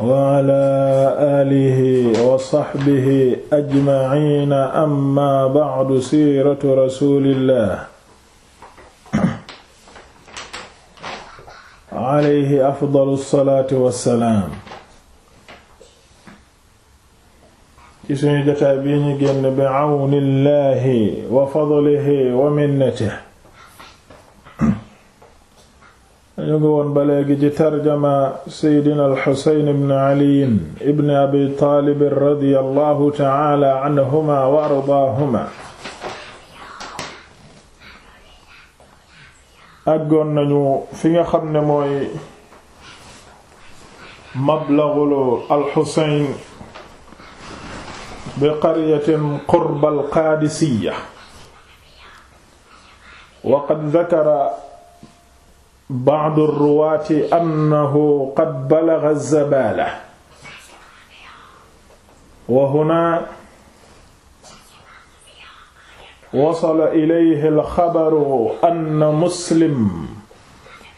waala alihi wa saxbihi ajmaciina amma bacdu siiratu rasulillah alayhi afdalu salaatu wassalaam ci suñu jotaay bi ñu génn bi cawnillahi wa fadlihi wa minnatihi ñu ngi woon ba léegi ci tarjama seydina alxusayn ibn ali ibn abi taalib radiyallahu ta'ala anhuma wa ardaahuma àggoon nañu fi nga xam ne mooy mablaghul alxusayn bi qaryatin qurba alqaadisiya wa qad dhakara ba'd ar-ruwaati annahu qad balagha az-zabaala wa hunaa wasala ilayhi al-xabaru anna muslim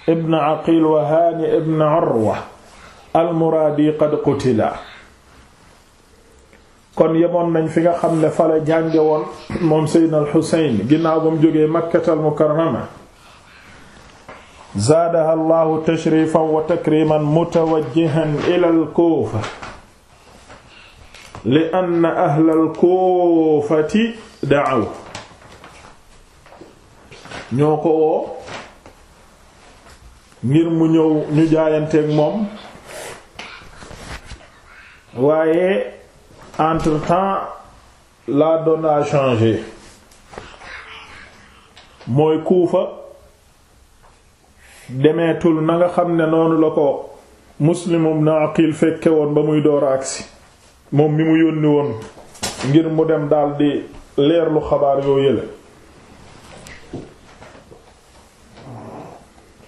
ibn aqiil wa haani ibn urwa al-muraadi qad qutila kon yemoon nañ fi nga xam ne fala jànge woon moom seydna al-xuseyn ginnaaw ba mu jógee makkatal mukarrama zaadaha allahu tashrifan wa takriman mutawajjihan ila al-kuufa li anna ahla kuufati da'aw ñoo ko woo ngir mu ñëw ñu jaayanteeg moom waaye entre-temps la donne a mooy kuufa demeetul na nga xam ne noonu la ko Muslim ibn Aqil fekke woon ba muy door a agsi moom mi mu yónni woon ngir mu dem daldi leerlu xabaar yoo yële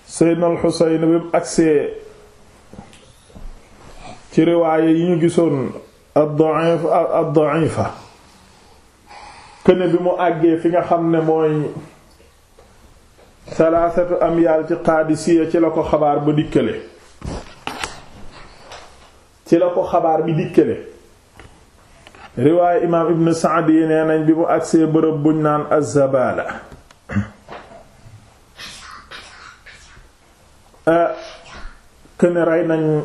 Seydina al bi mu agsee ci riwaaye yi ñu gisoon ad-da'ifa ad-da'ifa këne bi mu àggee fi nga xam ne mooy am amyaal ci Qaadisiya ci la ko xabaar ba dikkale ci la ko xabaar bi dikkale riwaaye imaam ibn Saad nee nañ bi mu agsee bërëb buñ naan azzabaala eh, këne rey nañ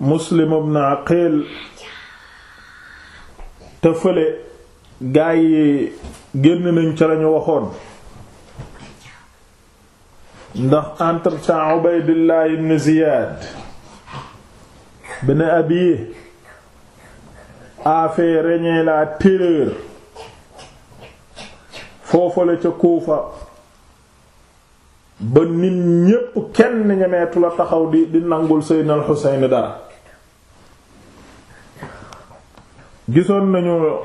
Muslim ibn Aqil te fële gaa yi génn nañ ci lañu waxoon ndax entre temps Ubaydullah ibn Ziyad ibn Abi a fait la terreur foofale ca Kuufa ba nit ñépp kenn ñemeetu la taxaw di di nangul Seydina al Xuseyn dara gisoon nañu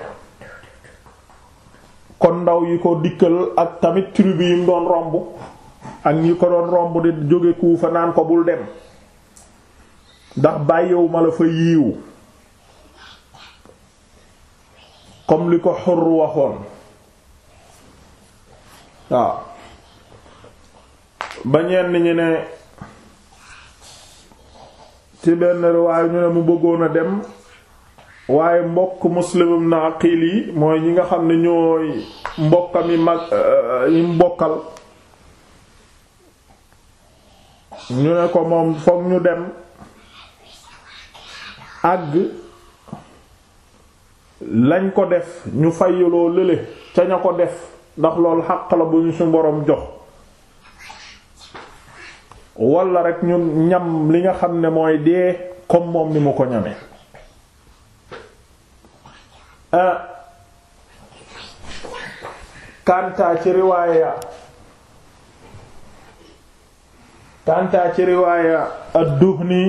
kon ndaw yi ko dikkal ak tamit tribu yi mu doon romb ak ñi ko doon romb di jóge Kuufa naan ko bul dem ndax bàyyiwu la fa yiiw comme li ko xor waxoon waaw ba ñenn ñi ne ci benn riwaay ñu ne mu bëggoon a dem waaye mbokk muslimum na aqil yi mooy ñi nga xam ne ñooy mbokkam euh, yi mag yi mbokkal ñu ne ko moom foog ñu dem àgg lañ ko def ñu fayyaloo lële ca ña ko def ndax loolu xàq la bu ñu su boroom jox walla rek ñun ñam li nga xam ne mooy dee comme moom ni mu ko ñame ah, kantaa ci riwaaya kantaa ci riwaaya ad-Duhni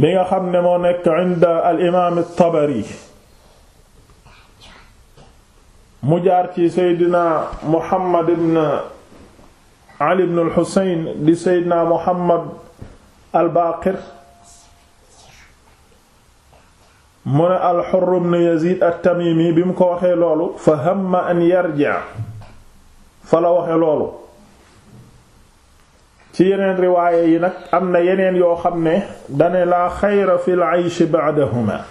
bi nga xam ne moo nekk inda al imaam at-Tabari mu jaar ci seydina Muhammad ibn Ali ibn al-Husayn di seydina Muhammad al-Baqir mu ne al-Hurr ibn Yazid at-Tamimi bi mu ko waxee loolu fa hamma an yarji' fa la waxee loolu ci yeneen riwaaye yi nag am na yeneen yoo xam ne dane laa xayra fil ayshi ba'dahuma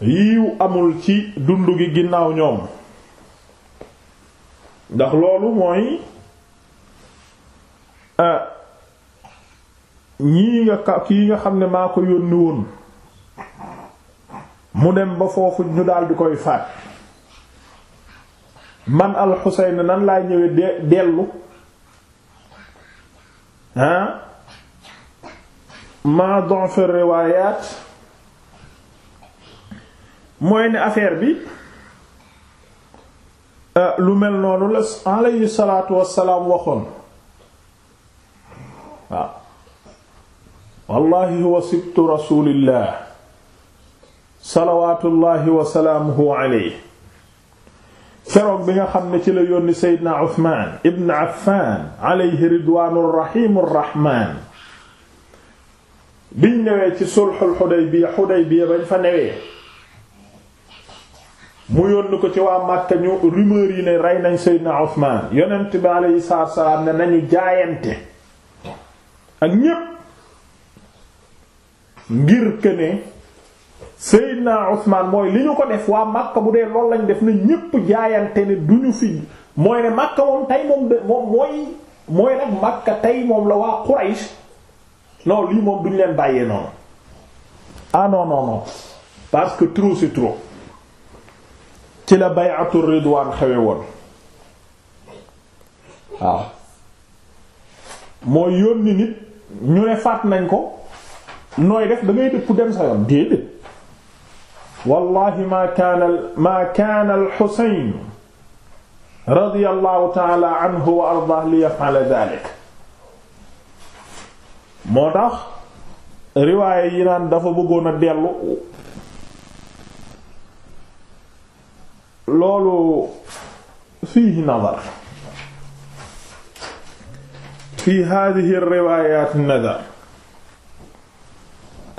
yiiw amul ci dund gi ginnaaw ñoom ndax loolu mooy ñii nga ka kii nga xam ne maa ko yónni mu dem ba foofu ñu daldi koy faat man al Xuseyn nan laay ñëwee de dellu ah ma da'f riwaayaat mooy ne affaire bi euh, lu mel noonu la alayhi salaatu wassalaam waxoon waaw wallahi huwa sibtu rasulillah salawatullahi wa salaamuhu alayhi keroog bi nga xam ne ci la yónni Seydina Usmaan ibn Affaan alayhi ridwaanu rahiimu rahmaan biñ newee ci sulxul Xudaybiya Xudaybiya bañ fa newee mu yónni ko ci waa Màkka ñu rumeur yi ne rey nañ Seydina Usmaan yonent bi alayhi salaatu salaam ne nañu jaayante ak ñépp ngir këne Seydina Usmaan mooy li ñu ko def waa Makka bu dee loolu lañ def na ñépp jaayante ne du ñu fi mooy ne Makka moom tey moom mooy mooy nag tey moom la waa Quraysh non lii moom duñ leen bàyyee noonu ah non non non parce que trop ci la bay'atu ridwaan xewe woon waaw mooy yónni nit ñu ne faat nañ ko nooy def dangay ngay dem sa yoon wallahi maa kaana maa kaana al-Husayn radiyallahu ta'ala anhu wa ardaahu li yaf'ala dhaalika moo tax riwaaye yi naan dafa bëggoon a dellu loolu fiihi nadar fi haadihi riwaayaat nadar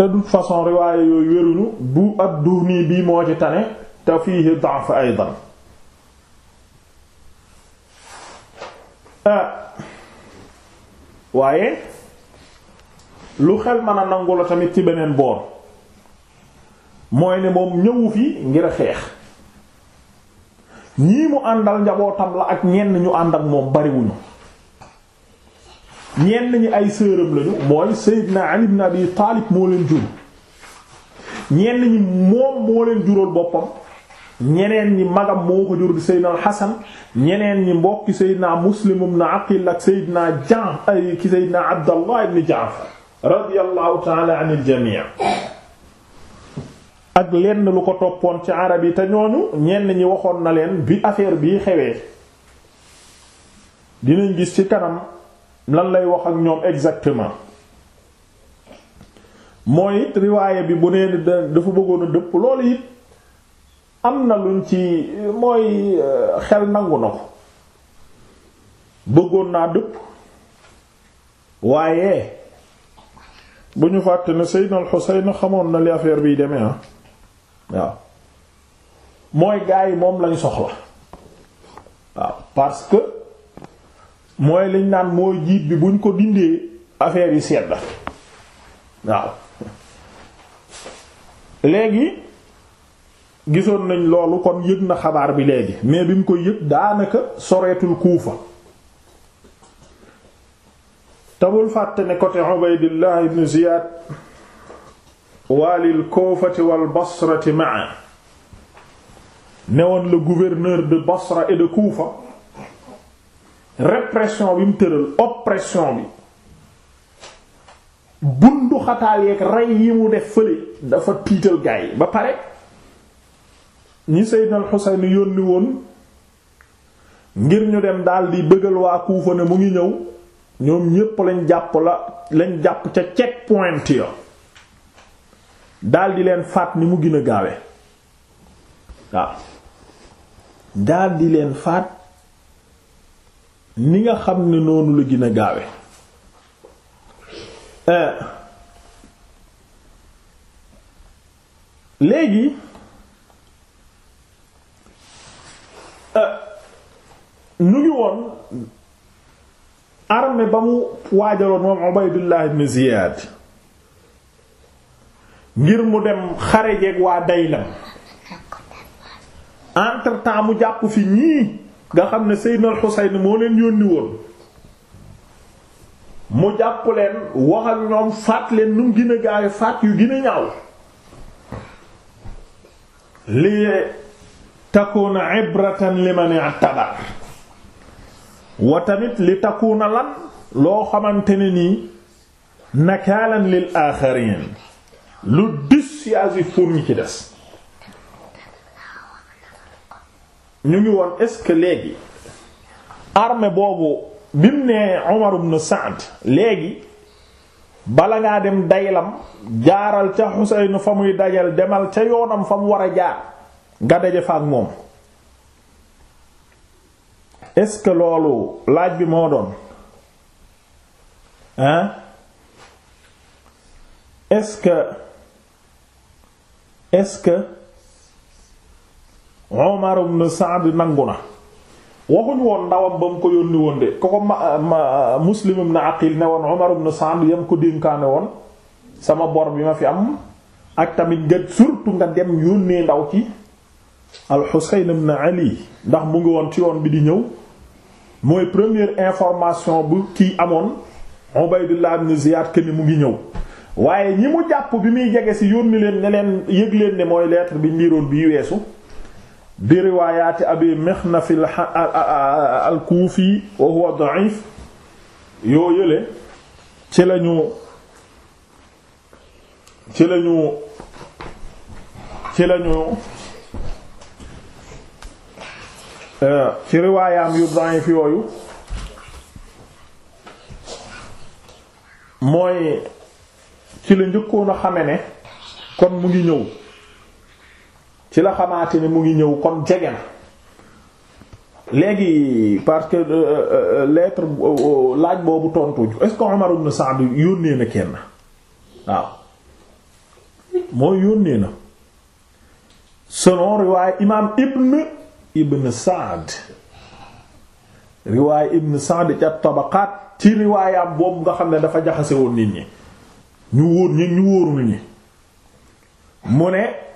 te de façon riwaaye yooyu wéruñu bu ad duhni bii moo ci tane te fiihi da'f aydan ah. waaye lu xel mën a nangu la tamit ci beneen boor mooy ne moom ñëwu fi ngir a xeex ñii mu àndal njabootam la ak ñenn ñu ànd ak moom bariwuñu ñenn ñi ay sëram lañu mooy Seydina Ali ibn Abi Taalib moo leen jur ñenn ñi moom moo leen jural boppam ñeneen ñi magam moo ko di Seydina Hasan ñeneen ñi mbokki Seydina Muslim ibn Aqil ak Seydina Jaaf ay ki Seydina Abdallah ibn Jaafar radiyallahu ta'ala anil jami' ak lenn lu ko toppoon ci arab yi te ñooñu ñenn ñi waxoon na leen bi affaire bii xewee dinañ gis ci kanam lan lay wax ak ñoom exactement mooy it riwaaye bi bu nee dafa bëggoon dëpp loolu it am na luñ ci mooy euh, xel nangu na bëggoon naa dëpp waaye bu ñu fàtte ne Seydina al-Husayn xamoon na li affaire biy demee ah waaw mooy gaa yi moom lañ soxla waaw parce que mooy liñ naan moo jiit bi buñ ko dindee affaire yi sedd waaw léegi gisoon nañ loolu kon yëg na xabaar bi léegi mais bi ko yëg daanaka soreetul kuufa tamul fàtte ne côté Ubaydillah ibn Ziyad waalil Kuufati wal Basrati ma'a newoon la gouverneur de Basra et de Kuufa répression bi mu tëral oppression bi rey yi mu def fële dafa tiital gaay ba pare ñi Seydina al-Husayn woon ngir ñu dem daal di bëggal waa Kuufa ne mu ngi ñëw ñoom ñépp lañ jàpp la lañ jàpp ca check point ya daal leen faat ni mu gën a gaawe waaw daal leen faat ni nga xam ne noonu la gën gaawe euh, léegi euh, ñu ngi woon armée ba mu waajaloon moom Ubaydullah ibn Ziyad ngir mu dem xare jeeg waa Daylam entre temps mu jàpp fi ñii nga xam ne Seydina al moo leen yónni woon mu jàpp leen wax ak ñoom faat leen nu mu gën faat yu gën a ñaaw li takuna ibratan liman i'tabar wa tamit li takuna lan loo xamante ne nii nakaalan lil aaxarin lu dis dissuasif pour ñi ci des ñu ngi woon est-ce que léegi armée boobu bi mu nee Umar ibn Sa'd léegi bala ngaa dem daylam jaaral ca Xuseyn fa muy dajal demal ca yoonam fa mu war a jaar nga daje fa ak moom est loolu laaj bi moo doon hein est-ce Umar ibn Sa'd woon ndawam ba mu ko yónni woon de ko ko ma Muslim ibn Aqil ne woon Umar ko dénkaane woon sama bor bi fi am ak tamit nga surtout nga dem yónnee ndaw ci al-Husayn ibn ndax mu ngi woon ci yoon bi di ñëw mooy première information bu kii amoon Ubaydullah ibn Ziyad ken mu ngi ñëw waaye ñi mu jàpp bi muy jege si yónni leen ne leen yëg leen ne mooy lettre bi ndiiroon bi weesu bi riwaayaati abi mixnaf al kuufi wa huwa da'if yoo yële ci lañu ci lañu ci lañu euh, ci riwaayaam yu da'if yooyu mooy ci la njëkkoon a xame ne kon mu ngi ñëw ci la xamaate ni mu ngi ñëw kon jege na léegi parce que euh, euh, lettre euh, laaj boobu tontu est-ce que Umar ibn Sa'd yónnee na kenn waaw mooy yónnee na selon riwaay imaam Ibn Ibn Sa'd riwaay Ibn Sa'd ca tabaqaat ci riwaayam boobu nga xam ne dafa jaxase woon nit ñi ñu wóor ñi ñu wóorul ñi mu ne.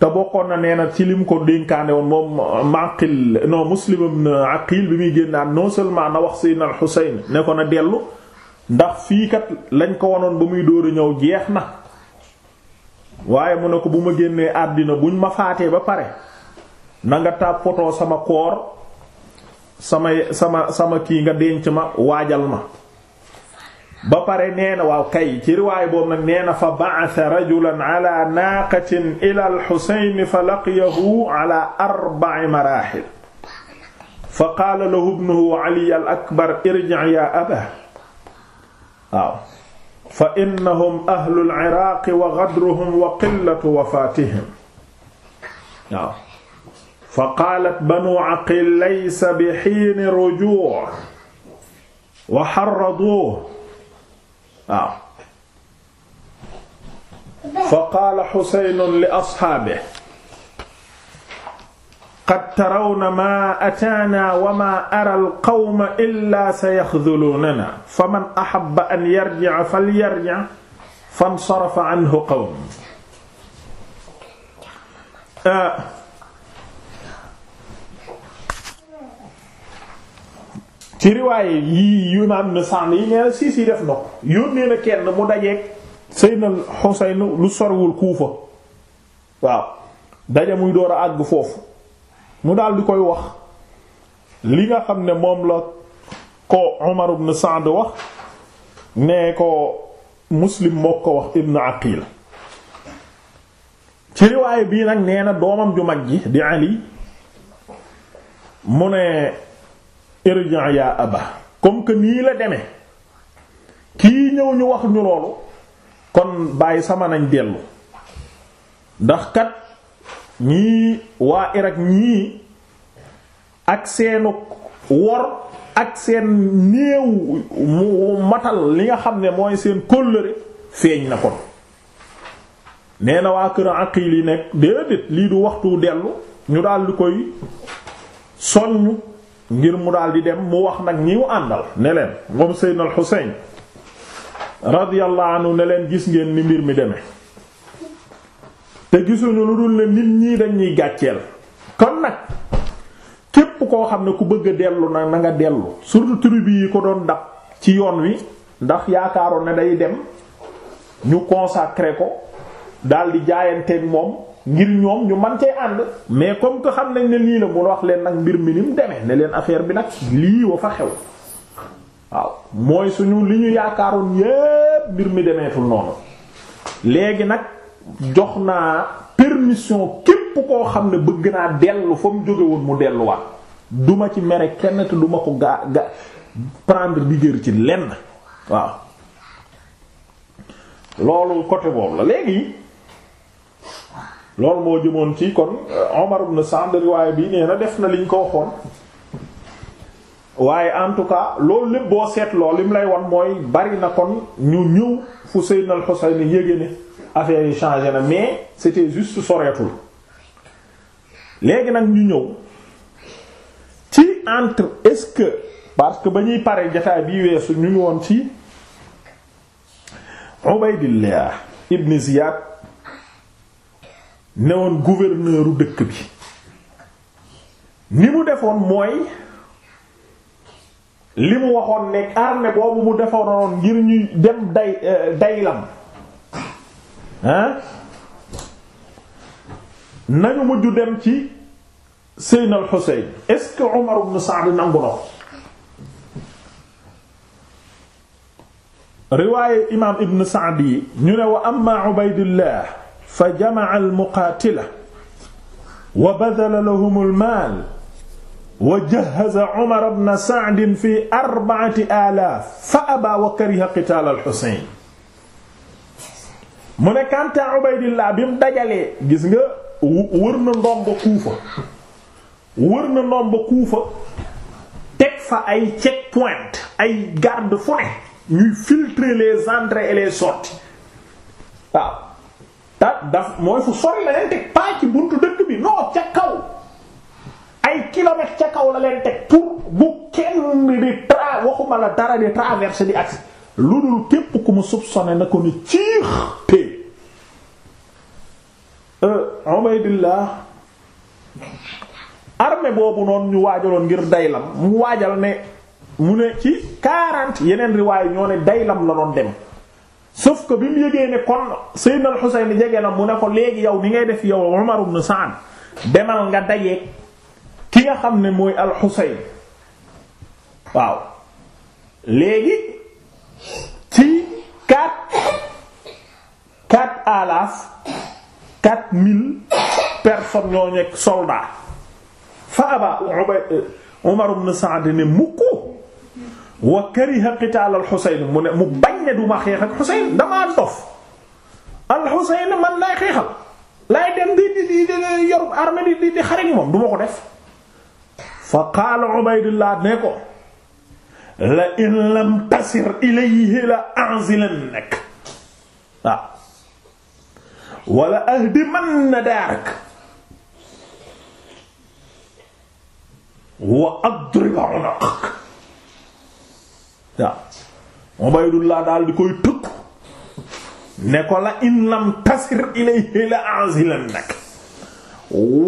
te bokkoon na nee na ci lim ko dénkaane woon moom maqil non muslim ibn aqil bi muy génnaan non seulement na wax sayyidina al-Husayn ne ko na dellu ndax fii kat lañ ko wanoon ba muy dóor a ñëw jeex na waaye mu ne ko bu ma génnee àddina buñ ma faatee ba pare na nga tàppatoo sama koor sama sama sama kii nga denc ma waajal ma ba pare nee na waaw kay ci riwaay boobu nag nee na fa ba'atha rajulan ala naaqatin ila al-Husayn fa laqiyahu ala arba'i marahil fa qaala lahu ibnuhu Ali al-akbar irji' ya abaa waaw fa innahum ahlu al-Iraq wa ghadruhum wa qillatu wafaatihim waaw fa qaalat banu Aqil laysa bi hiin rujuu' wa harraduuhu waaw fa qaala xuseyn li asxaabe qad tarawna maa ataana wa maa ara alqawma illaa sayaxduluunana faman axabba an yarjica falyarjic fansarafa canhu qawm ci riwaaye yii yu imaam na sànn yi nee na siis yi def na ko yónnee na kenn mu dajeek Seydina Xuseyn lu sorwul Kuufa waaw daje muy door a àgg foofu mu daal di koy wax li nga xam ne moom la ko Umar ibn Sa'd wax nee ko Muslim moo ko wax ibn Aqil ci riwaaye bii nag nee na doomam ju mag ji di Ali mu ne irja yaa aba comme que nii la deme kii ñëw ñu wax ñu loolu kon bàyyi sama nañ dellu ndax kat ñii waa Irak ñii ak seenu wor ak seen néew mu matal li nga xam ne mooy seen kóllëre feeñ na kon nee na waa kër a Aqil yi nekk déedéet lii du waxtu dellu ñu daal di koy soññ ngir mu daal di dem mu wax nag ñi mu àndal ne leen moom Seydina al Xuseyn radiyallahu anhu ne leen gis ngeen ni mbir mi demee te gisuñu lu dul ne nit ñi dañuy gàcceel kon nag képp koo xam ne ku bëgg a dellu na na nga dellu surtout tribu yi ko doon dab ci yoon wi ndax yaakaaroon ne day dem ñu consacré ko daldi di moom ngir ñoom ñu man cee ànd mais comme que xam nañ ne lii la mu wax leen nag mbir mi ni mu demee ne leen affaire bi nag lii wa fa xew waaw mooy suñu li ñu yaakaaroon yépp mbir mi demeetul noonu léegi nag jox naa permission képp koo xam ne bëgg naa dellu fa mu jóge woon mu delluwaat duma ci mere kenn te duma ko gaa ga prendre rigueur ci lenn waaw loolu côté la léegi loolu moo jëmoon ci kon euh, Omar ibn Sa'd riwaay bi nee def na liñ ko waxoon waaye en tout cas loolu lépp boo seet lool li lay wan mooy bari na kon ñu ñëw fu Sayyidna al-Husayn yége ne affaire yi changé na mais c'était juste soreetul léegi nag ñu ñëw ci entre est-ce que parce que ba ñuy pare jataay bi weesu ñu ngi woon ci Ubaydillah ibn Ziyad woon gouverneuru dëkk bi ni mu defoon mooy li mu waxoon ne armée boobu mu defaroon ngir ñuy dem day euh, daylam nañu mujj dem ci Seydina al Xuseyn est-ce que Umar ibn Sa'd nangu na riwaaye imaam ibn Sa'd yi ñu ne wa amma Ubaydullah fa jamaa almuqaatila wa badala lahum almaal wa jahaza Umar bna Saadin fi arba'ati aalaaf fa abaa wa kariha qitaal alxusayn mu ne kantaa Ubaydillah bi mu dajalee gis nga wër na ndomb Kuufa wër na ndomb Kuufa teg fa ay check point ay garde fu ne ñuy filtrer les entrées et les sorties waaw ta daf mooy fu sori la leen teg pas buntu dëkk bi non ca kaw ay kilomètres ca kaw la leen teg pour bu kenn di tra waxuma la dara di traverser di agsi lu dul képp ku mu soupçonné na ko ni ciix pee euh, Ubaydillah armée boobu noonu ñu waajaloon ngir daylam mu waajal ne mu ne ci quarante yeneen riwaayu ñoo ne daylam la doon dem sauf ko bi mu yëgee ne kon Seydina Al-Husayn jege na mu ne ko léegi yow ni ngay def yow Umar ibn Sa'd demal nga dajeek ki nga xam ne mooy Al-Husayn waaw léegi ci quatre quatre alaaf quatre mille personnes ñoo nekk fa aba Umar ibn Sa'd ne mukku wa kariha qitaal al Xuseyn mu ne mu bañ ne du ma xeex ak Xuseyn damaa dof al Xuseyn man laay xeexal laay dem di di di yor armée di di di xarit moom du ma ko def. fa qaala Ubaydullah ne ko la in lam tasir ilayhi la anzilannak waaw wala ahdimanna daarak wa adriba unaqak waaw Ubaydullah daal di koy tëkku ne ko la in lam tasir ilayhi la azilannak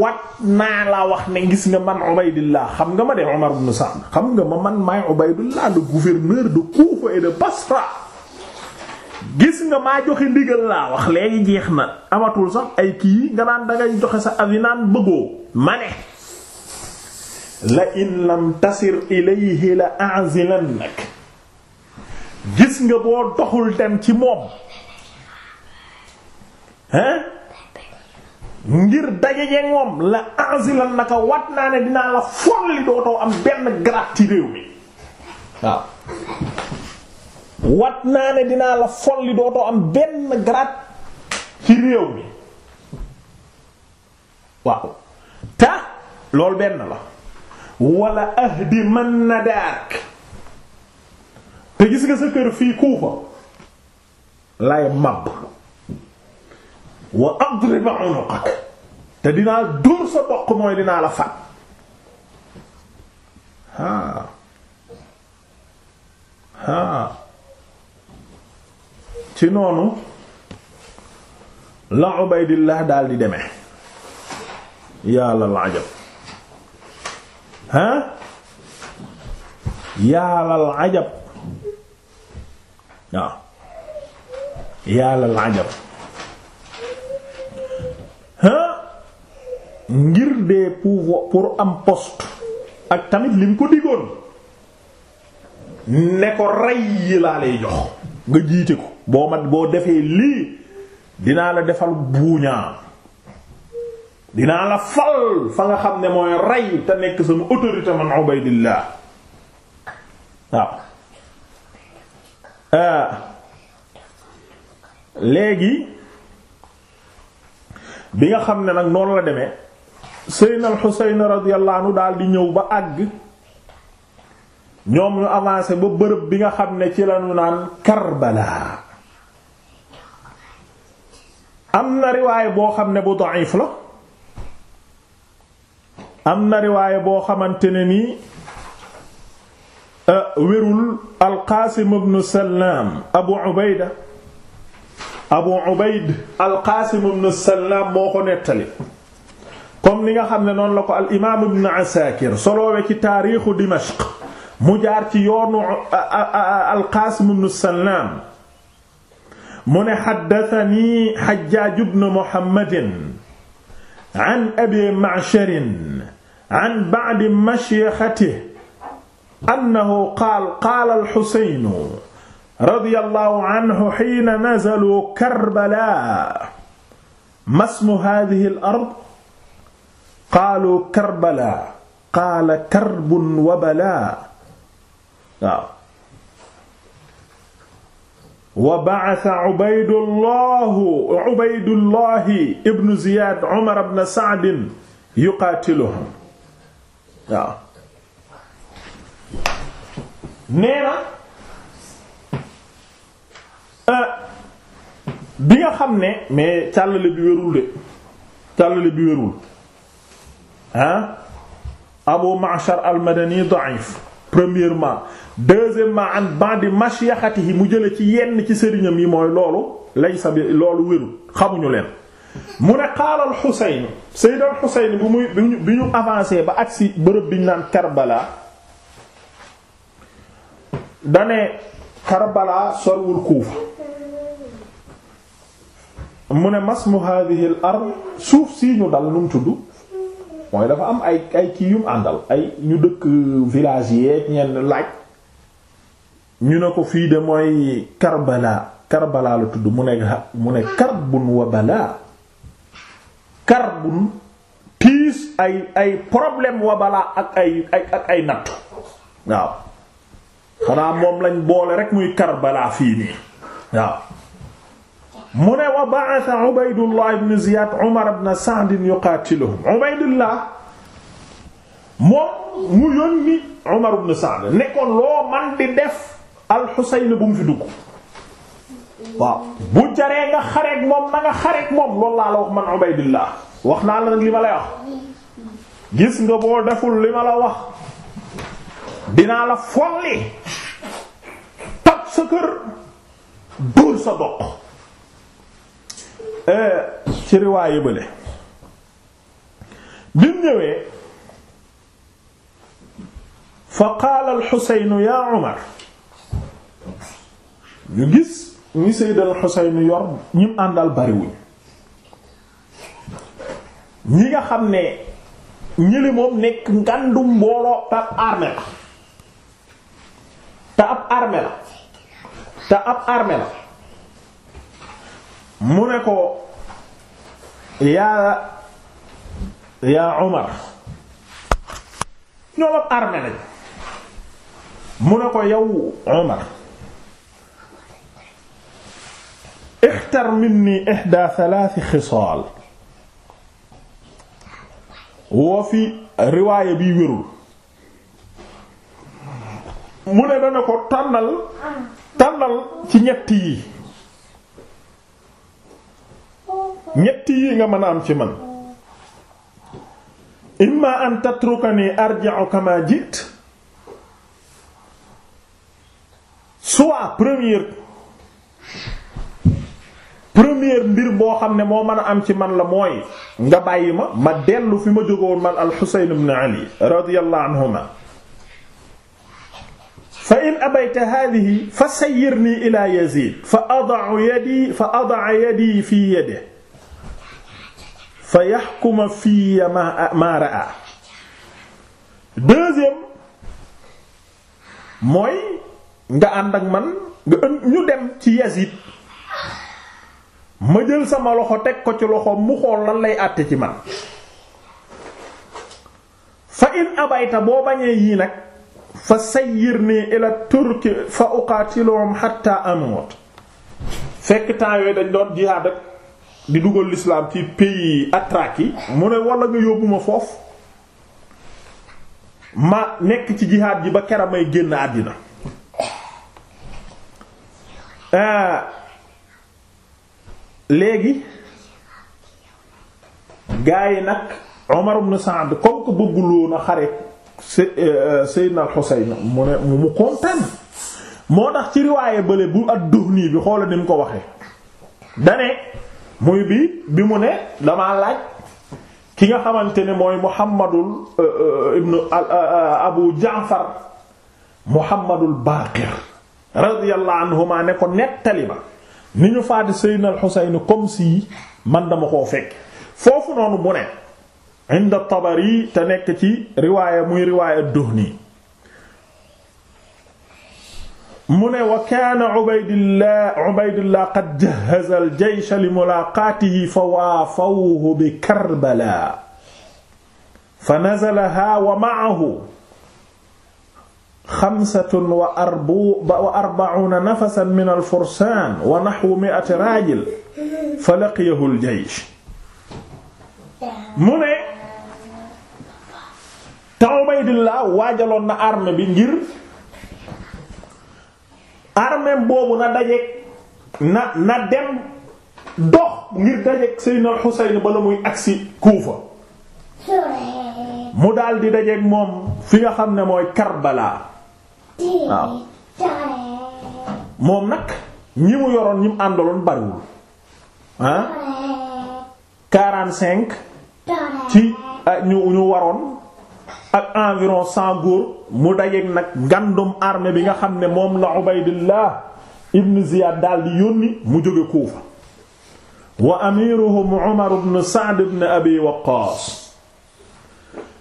wat naa laa wax ne gis nga man Ubaydullah xam nga ma de Umar ibn Sa'd xam nga ma man maay Ubaydullah le gouverneur de Koufa et de Basra gis nga maa joxe ndigal laa wax léegi jeex na amatul sax ay kii nga naan dangay joxe sa avis naan bëggoo ma ne la in lam tasir ilayhi la azilannak gis nga boo doxul dem ci moom hein ngir dajejeeg moom la ansilal naka wat naa ne dinaa la folli dootoo am ci réew mi waaw naa ne dinaa la folli am benn garaat ci réew mi waaw ta loolu benn la wala ahdi man na daark te gis nga sa kër fii Kuufa lay màbb wa adrib unuqak te dinaa dóor sa bokk mooy dinaa la faat haa haa ci noonu la Ubaydillah daal di demee yàlla la ajab haa yàlla la ajab waaw yàlla laajal ngir dee pouvoir pour am poste ak tamit li mu ko diggoon ne ko rey yi laa lay jox nga jiite ko boo ma boo defee lii dinaa la defal buuñaa dinaa la fal fa nga xam ne mooy rey te nekk sama autorité man Ubaydillah waaw Euh, léegi bi nga xam ne nag noonu la demee Seydina al-Husayn daal di ñëw ba àgg ñoom ñu avancé ba bërëb bi nga xam ne ci lañu naan Karbala am na riwaaye boo xam ne bu da'if la am na riwaaye boo xamante ne nii Euh, wérul alqaasim ibn salaam abu ubayda abu ubayd alqaasim ibn salaam moo ko nettali comme ni nga xam ne noonu la ko al imaam ibn asaakir soloowe ci taariixu dimashq mu jaar ci yoonu alqaasim ibn salaam mu ne xaddatani xajjaaj ibn muhammadin an abi ma'shar an ba'di mashyixatihi annahu qaal qaala alxusaynu radiyallahu anhu xiina nazaluu karbala masmu haadihi al ard qaaluu karbala qaala karbun wa balaa waaw wa ba'atha Ubaydullahu Ubaydullahi ibnu Ziyaad Umar ibn Sa'd yuqaatiluhum waaw nee euh, bi nga xam ne mais càllale bi wérul de càllale bi wérul ah abu ma'shar al-madani da'if premièrement deuxièmement an ba'di mashyakhatihi mu jële ci yenn ci sëriñam yi mooy loolu laysa bi loolu wérul xamuñu leen mu ne qaala al-Husayn sayyid al-Husayn bi muy bi ñu avancé ba agsi bërëb bi ñu naan Karbala dane Karbala sorwul Kuufa mu ne masmu hadhihi al ard suuf sii ñu dal nu tudd mooy dafa am ay ay kii yum àndal ay ñu dëkk village yeeg ñenn laaj ñu ne ko fii de mooy Karbala Karbala la tudd mu ne mu ne karbun wa bala karbun tiis ay ay problème wa bala ak ay ay ak ay nattu waaw xanaa moom lañ boole rek muy Karbala fii nii waaw mu ne wa ba'atha Ubaydullah ibn Ziyad Umar moom mu yónni Umar ibn Sa'd loo man di def al-Husayn mu fi dugg la wax man Ubaydullah wax naa gis nga boo deful li ma la wax dinaa la folli sa kër dóor sa doq eh, ci riwaaye bële bi mu ñëwee fa qaala alxuseynu yaa Umar ñu gis ñi Seydal Xuseynu yor ñim àndal bariwuñ ñi nga xam ne ñële moom nekk ngàndum mbooloo te ab armée la te ab armée la te ab armée la mu ne ko yaa yaa Umar ñoom ab armée lañ mu ne ko yow Umar ixtar minni ihda thalath xisaal woo fi riwaaya bi wérul mu ne dana ko tànnal tànnal ci ñett yi ñett yi nga mën a am ci man imma an tatrukani arji'u kama jit soit première première mbir boo xam ne moo mën a am ci man la mooy nga bàyyi ma ma dellu fi ma jógoon man al Husayn ibn Ali radiyallahu anhuma fa in abayta haadihi fa sayyirnii ilaa Yaziid fa ada'a yadii fii yadihi fa yaxkuma fii maa ra'a deuxième mooy nga ànd ak man nga ñu dem ci Yaziid ma jël sama loxo teg ko ci loxo mu xool lan lay àtte ci man fa in abayta boo bañee yii nag fa sayyirni ila turki fa uqatiluhum hatta amut fekk temps dañ doon jihaad ak di dugal lislaam fi pays atraki yi mu ne wala nga yóbbuma foofu ma nekk ci jihaad ji ba kera may génn àddina ah. léegi gaa yi nag Umar ibn Sa'd comme que bëgguloon a xare Euh, euh, Seydina Al-Husayn mu ne mu comprendre moo tax ci riwaaye bële bu ad-Duhni bi xoola ni mu ko waxee dane muy bi bi mu ne damaa laaj ki nga xamante ne mooy Muhammadul euh, ibnu Abu Jaafar Muhammadul Baaqir radiyallahu anhuma ne ko nettali ba ni ñu faati Seydina Al-Husayn comme si man dama koo fekk foofu noonu mu ne inda Tabari te nekk ci riwaaya muy riwaaya Duhni mu ne wa kaana Ubaydillah Ubaydillah qad jahhaza al-jaysh li mulaaqaatihi fa waafawhu bi Karbala fa nazalahaa wa ma'ahu xamsatun wa arba'uuna nafasan min al-fursaan wa naxwu mi'ati raajil fa laqiyahu al-jaysh mu ne te Ubaydillah waajaloon na armée bi ngir armée boobu na dajeek na na dem dox ngir dajeek Seydina Al-Husayn bala muy agsi Kuufa mu daal di dajeek moom fi nga xam ne mooy Karbala waaw moom nag ñi mu yoroon ñi mu àndaloon bariwul quarante-cinq ci ah, ñu ñu waroon ak environ cent mu dajeek nag ngandum armée bi nga xam ne moom la Ubaydillah ibn Ziyad daal di yónni mu jóge Kuufa wa amiruhum Umar ibn Sa'd Abi Waqqas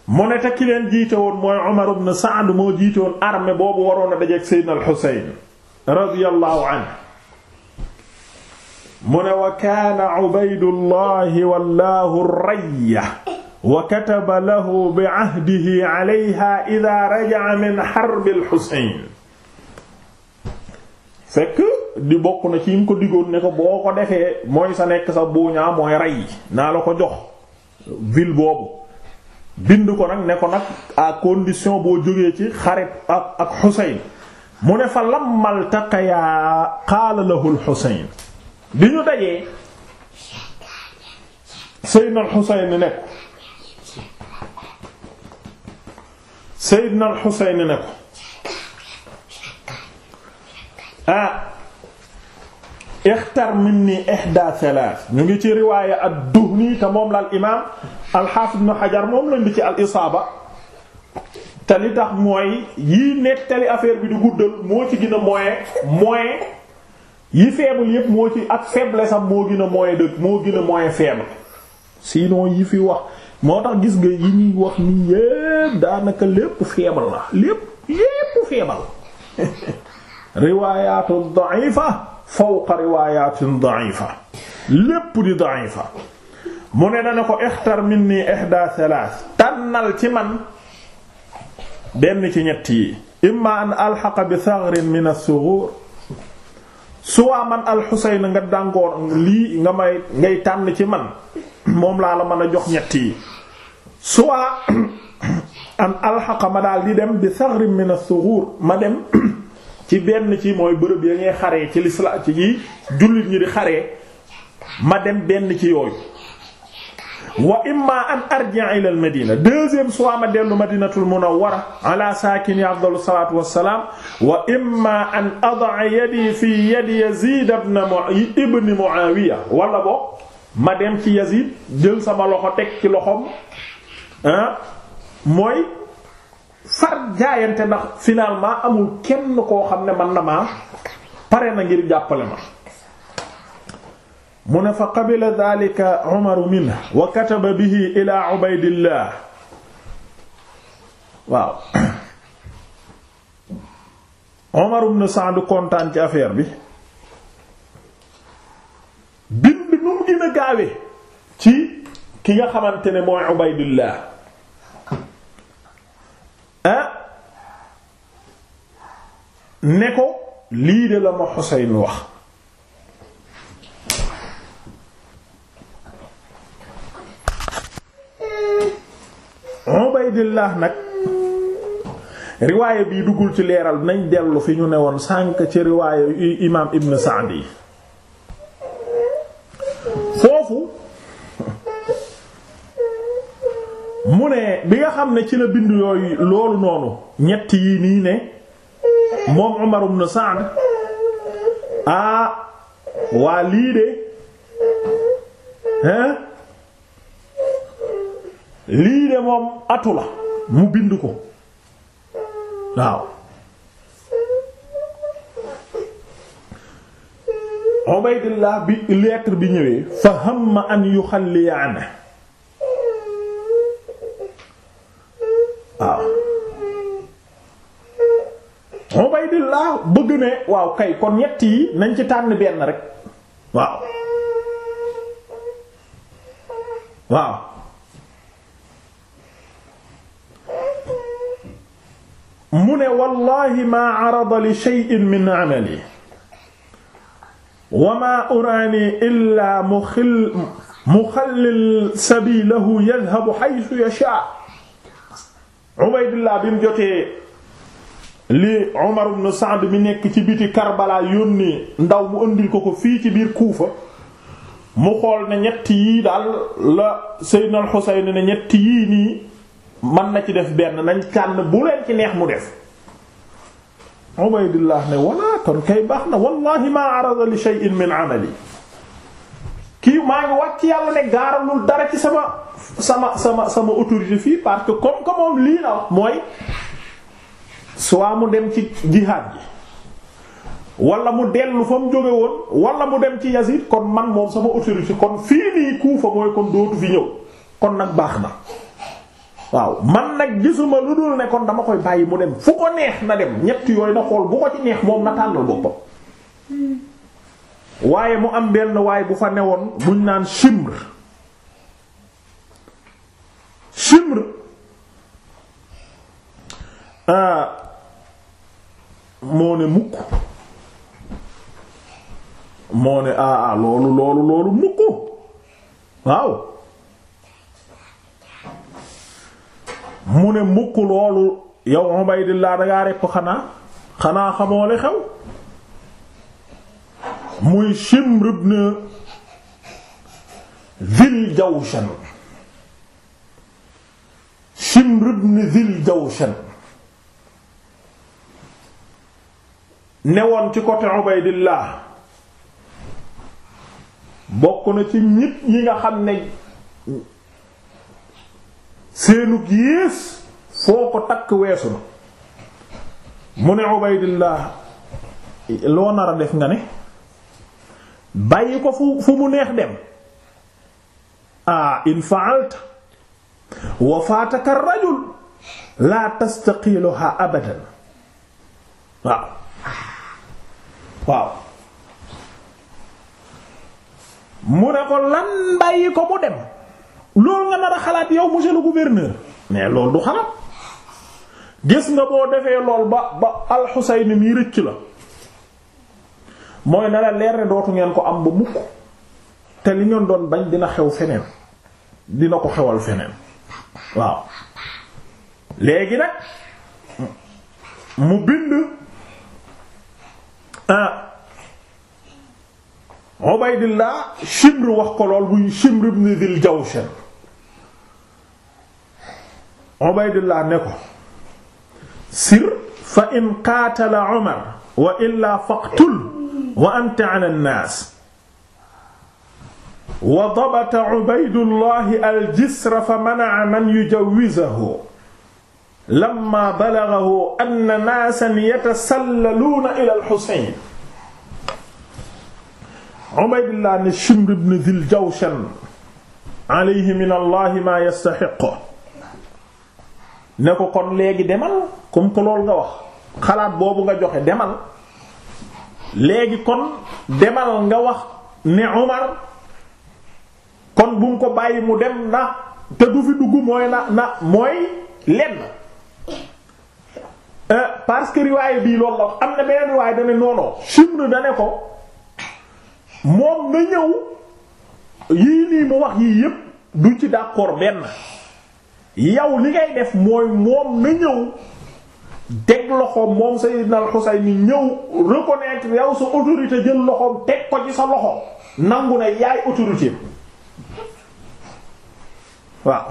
mu ne te jiite woon mooy Umar ibn Sa'd jiite woon armée boobu waroon a dajeek al-Husayn radiyallahu anhu mu ne wa kaana wallahu rayya wa kataba lahu bi ahdihi alayha raja'a min harbil Husayn fekk di bokk na ci yim ko digoon ne ko boo ko defee mooy sa nekk sa buuñaa mooy rey naa la ko jox ville boobu bind ko nag ne ko nag à condition boo jógee ci xarit ak ak Husayn mu ne fa lammal taqayaa qaala lahu al bi ñu dajee Sayyidna al-Husayn ne Seydina al-Xuseyn ko ah ixtar minni ihda thalath ñu ngi ci riwaaya ad-Duhni te moom la al imaam al-Haafid moom lañ di ci al-Isaaba te li tax mooy yii nettali affaire bi di guddal moo ci gën a moyen yi faible yépp moo ci ak faible sax moo gën a moyen moo gën a moyen faible yi fi wax moo tax gis nga yi ñuy wax ni yépp daanaka lépp feebal la lépp lépp feebal riwaayaatu da'ifa fawqa riwaayatin da'ifa lépp di da'ifa mu ne dana ko ixtar minni ihda thalath tànnal ci man benn ci ñett yi imma an alxaqa bi saghrin min as-sughur suwaa man al-Husayn nga dàngoor lii nga may ngay tànn ci man moom laa la mën a jox ñett yi soit an alxaqa ma daal di dem bi saxri min as-sughur ma dem ci benn ci mooy bërëb ya ngay xaree ci lislaam ci jullit ñi di xaree ma dem benn ci yooyu wa imma an arji'a ila al-madina deuxième soit ma dellu madinatul munawwara ala saakini afdalu salaatu wassalaam wa imma an ad'a yadi fi yadi yazid ibn mu'awiya wala boo ma dem ci Yazid jël sama loxo teg ci loxoom mooy far jaayante ndax finalement amul kenn koo xam ne man na maa pare na ngir jàppale ma mu ne fa qabila dhalika Umar minhu waaw Umar ibn Sa'd kontaan ci affaire bi gën a gaawe ci ki nga xamante ne mooy Ubaydullah ah ne ko lii de la ma Xuseyn wax Ubaydullah nag riwaaya bii duggul ci leeral nañ dellu fi ñu ne woon sànk ci riwaaya imaam Ibn Sa'd mu ne bi nga xam ne ci la bind yooyu loolu noonu ñett yi nii ne moom Umar ibn Sa'd waa lii de hein lii de moom atu la mu bind ko waaw Ubaydillah bi lettre bi ñëwee fa hamma an yuxalliya anhu waaw Ubaydillah bëgg ne waaw kay kon ñett yi nañ ci tànn benn rek waaw waaw mu ne wallahi ma arada li shay'in min amali wa maa uraani illaa muxil muxallil sabiilahu yadhabu haythu yashaa Ubaydullah bi mu jotee li Umar ibn Sa'd mi nekk ci biti Karbala yónni ndaw mu ëndil ko ko fii ci biir Kuufa mu xool na ñett yii daal la Seydina al Xuseyn ne ñett yii nii mën na ci def benn nañ tànn bu leen ci neex mu def Ubaydullah ne walla kon kay baax na wallahi maa arada li shay'in min amali kii maa ngi wàcc yàlla ne gaaralul dara ci sama sama sama sama autorité fii parce que comme que lii na wax mooy soit mu dem ci jihaad ji wala mu dellu fa mu jóge woon wala mu dem ci Yazid kon man moom sama autorité kon fii nii Kufa mooy kon dootu fi ñëw kon nag baax na waaw man nag gisuma lu dul ne dama koy bàyyi mu dem fu ko neex na dem ñett yooyu na xool bu ko ci neex moom na tànnal boppam waaye mu am benn waaye bu fa newoon buñ naan Shimr Shimr ah. moo ne mukk moo ne aa ah, ah, loolu loolu loolu mukk waaw mu ne mukk loolu yow Ubaydillah dangaa rekk xanaa xanaa xamoo li xew muy Shimr ibn Dhil Jawshan Shimr ibn Dhil Jawshan newoon ci côté Ubaydillah bokk na ci ñit ñi nga xam ne seenug yées foo ko takk weesu na mu ne Ubaydillah loo nar def nga ne bàyyi ko fu fu mu neex dem a ah, in fa'alta wa faataka rajul laa tastaqiluha abadan waaw waaw mu ne ko lan bàyyi ko mu dem loolu nga nar xalaat yow monsieur le gouverneur mais loolu du xalaat gis nga boo defee lool ba ba alxuseyn mi rëcc la mooy na la leer ne dootu ngeen ko am ba mukk te li ngeen doon bañ dina xew feneen dina ko xewal feneen waaw léegi nag mu bind ah Ubaydillah Shimr wax ko lool muy Shimr ibn Dhil Jawshan Ubaydillah ne ko sir fa in qaatala Umar wa illaa faqtul wa anta ala nnaas wa dabata Ubaydullah al-jisra fa mana'a man yujawwizahu lamma balaghahu anna naasan yatasallaluuna ila al-Husayn Ubaydillah ne Shimr ibn Dhil Jawshan alayhi min Allah ma yastahiqu ne ko kon léegi demal comme que loolu nga wax xalaat boobu nga joxe demal léegi kon demal nga wax ne Umar kon bu mu ko bàyyi mu dem na te du fi dugg mooy na na mooy lenn euh, parce que riwaaye bii loolu la am na beneen riwaaye dane noonoo Shimr dane ko moom na ñëw yii nii mu wax yii yépp du ci d'accord benn yow li ngay def mooy moom na ñëw teg loxoom moom Sayyidna al-Husayn ni ñëw reconnaître yow sa autorité jël loxoom teg ko ci sa loxo nangu na yaay autorité waaw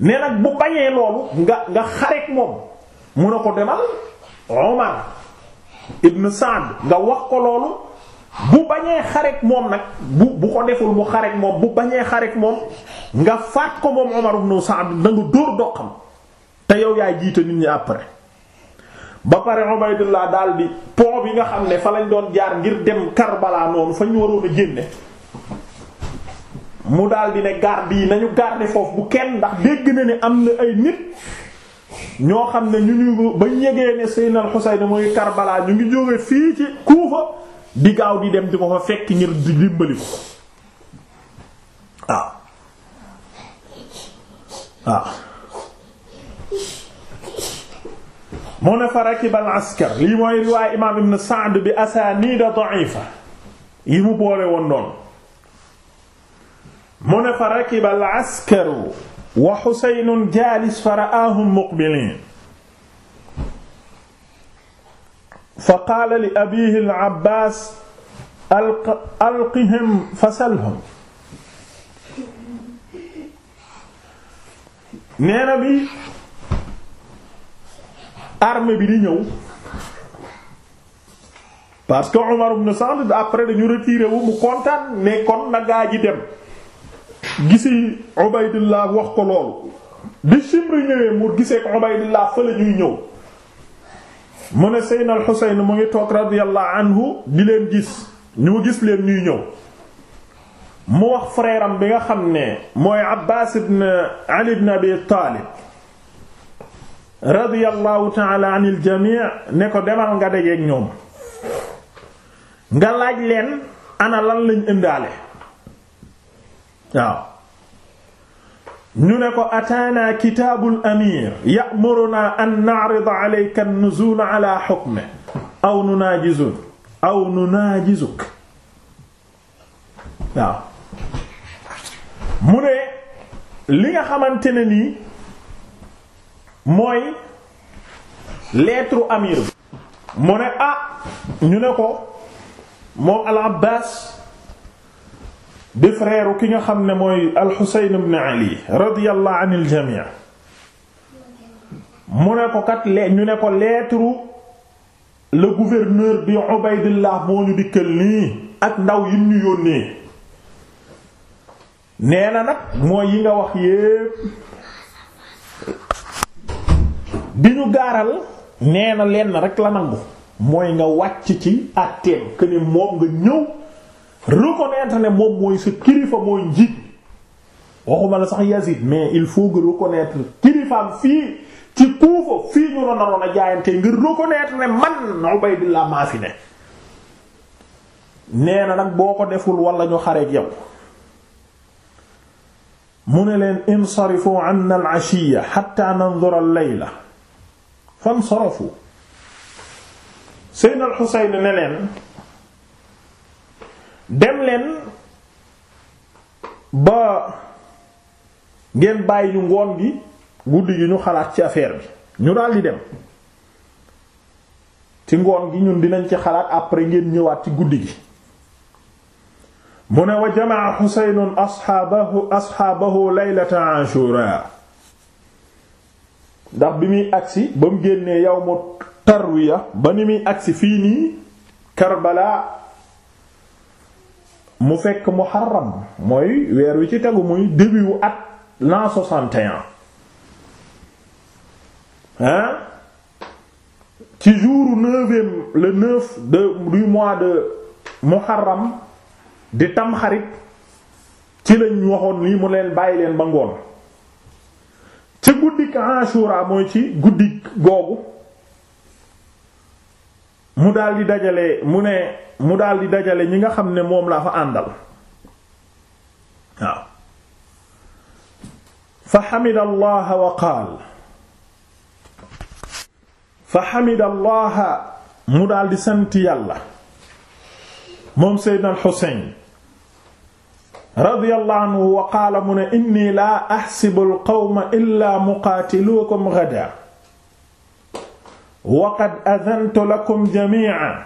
ne nag bu bañee loolu nga nga xareek moom mun na ko demal Omar ibn Saad nga wax ko loolu bu bañee xarek moom nag bu bu ko deful mu xarek moom bu bañee xarek moom nga faat ko moom Umar ibn Sa'd na nga doqam te yow yaay jiite nit ñi après ba pare Ubaydullah daal di pont bi nga xam ne fa lañ doon jaar ngir dem Karbala noonu fa ñu waroon a génne mu daal ne garde yi nañu garder foofu bu kenn ndax dégg na ne am na ay nit ñoo xam ne ñu ñu ba ñu yegee ne Seydina Al-Husayn mooy Karbala ñu ngi jóge fii ci Kufa di gaaw di dem di ko fa fekk ngir di dimbali ko waaw ah. ah. waaw mu ne fa rakiba al askar lii mooy riwaay imaam ibn Sa'd bi a da'ifa yi mu boole woon noonu mu ne fa rakiba al askaru wa Husaynun jaalis fa ra'aahum muqbilin fa qaala li abihi al abbaas alqihim fasalhum nee na bi armée bi di ñëw parce que Umar ibn Sa'd après dañu retiré mu kontaan ne kon ji dem gisi Ubaydullah wax ko loolu bi Shimr ñëwee mu gisee ko Ubaydullah fa ñuy ñëw mu ne Seydina Al-Husayn mu ngi toog radiyallahu di leen gis ñu gis leen ñuy ñëw mu wax frère bi nga xam ne mooy Abbaas ibn Ali ibn Abi Taalib radiyallahu ta'ala anil jamii ne ko demal nga dajeek ñoom nga laaj leen ana lan lañ indaale waaw ñu ne ko ataana kitaabul amir ya'muruna an na'rida alayka an-nuzul ala hukmi aw nunaajizuk aw nunaajizuk waaw mu ne li nga xamante ne nii mooy leetru amir bi mu ne ah ñu ne ko moom al-Abbaas di frère ki nga xam ne mooy alxuseyn ibn ali radiyallahu anil jamii mu ne ko kat le ñu ne ko lettre le gouverneur bi Ubaydillah moo ñu dikkal nii ak ndaw yim ñu yónnee nee na nag mooy yi nga wax yépp bi ñu gaaral nee na lenn rek la nangu mooy nga wàcc ci àtteem këni moom nga ñëw reconnaître ne moom mooy sa kilifa mooy njiit waxuma la sax Yazid mais il faut nga reconnaître kilifaam fii ci kuufa fii ñu la naroon a jaayante ngir reconnaître ne man Ubaydillah maa fi ne nee nag boo ko deful wala ñu xareeg yow mu ne leen insarifu anna al-ashiya hatta al-layla fansarafu Sayyid al-Husayn ne leen dem leen ba ngeen bàyyi ñu ngoon gi guddi gi ñu xalaat ci affaire bi ñu daldi dem ci ngoon gi ñun dinañ ci xalaat après ngeen ñëwaat ci guddi gi mu ne wa jamaa xuseynun asxaabahu asxaabahu laylata ashura ndax bi muy agsi ba mu génnee yawmu tarwiya ba ni muy agsi fii nii Karbala mu fekk muharram mooy weer wi ci tegu muy début wu at l'an 61 hein ci jour neuvième le neuf de du mois de muharram di tamxarit ci lañ waxoon lii mu leen bàyyi leen ba ngoon ci guddik Ashura mooy ci guddik googu mu daal di dajale mu ne mu daal dajale ñi nga xam ne moom laa fa àndal waaw fa xamida allaha wa qaal fa xamida allaha mu daal di sant yàlla moom seydna al xusayn wa qaala mu ne inni laa axsibu al qawma illa muqaatilukum ghadan waqad adantu lakum jamii'an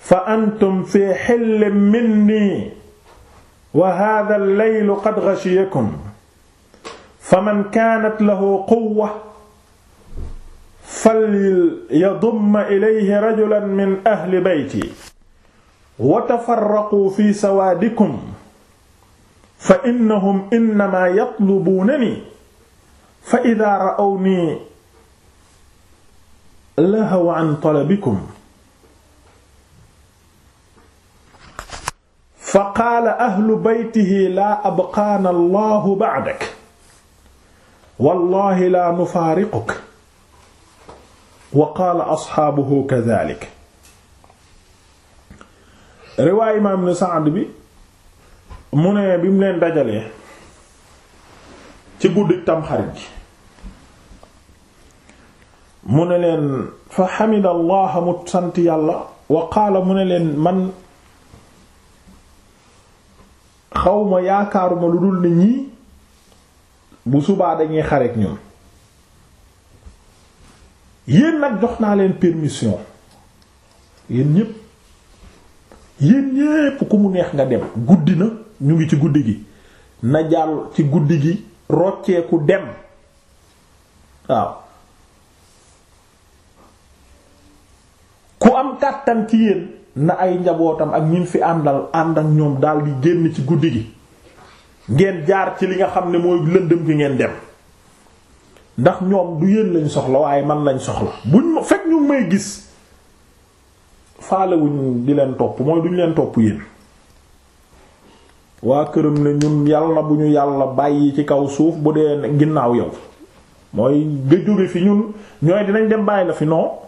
fa antum fi xillin minni wa haadha al-laylu qad ghashiyakum faman kaanat lahu quwwa falyadumma ilayhi rajulan min ahli bayti wa tafarraqu fi sawaadikum fa innahum innamaa yatlubuunani fa idaa ra'awnii lahaw an talabikum fa qaala ahlu baytihi laa abqaana allahu ba'dak wallahi laa nufaariquk wa qaala asxaabuhu kadalik riwaay imaam ne Saad bi mu ne bi mu leen dajalee ci guddi tamxarit gi mu ne leen fa xamida mu sant yàlla wa qaala mu ne leen man xawma yaakaaruma lu dul ne ñii bu subaa dañuy xareek ñun yéen nag jox naa leen permission yéen ñépp yéen ñépp ku mu neex nga dem guddi na ñu ngi ci guddi gi na ci guddi gi rocceeku dem waaw ku am kàttan ci yéen na ay njabootam ak ñin fi àndal ànd ñoom daal di génn ci guddi gi ngeen jaar ci li nga xam ne mooy lëndëm gi ngeen dem ndax ñoom du yéen lañ soxla waaye man lañ soxla buñ fekk ñu may gis faalewuñ di leen topp mooy duñ leen topp yéen waa këram ne ñun yàlla bu ñu yàlla bàyyi ci kaw suuf bu dee ginnaaw yow mooy nga jóge fi ñun ñooy dinañ dem bàyyi la fi non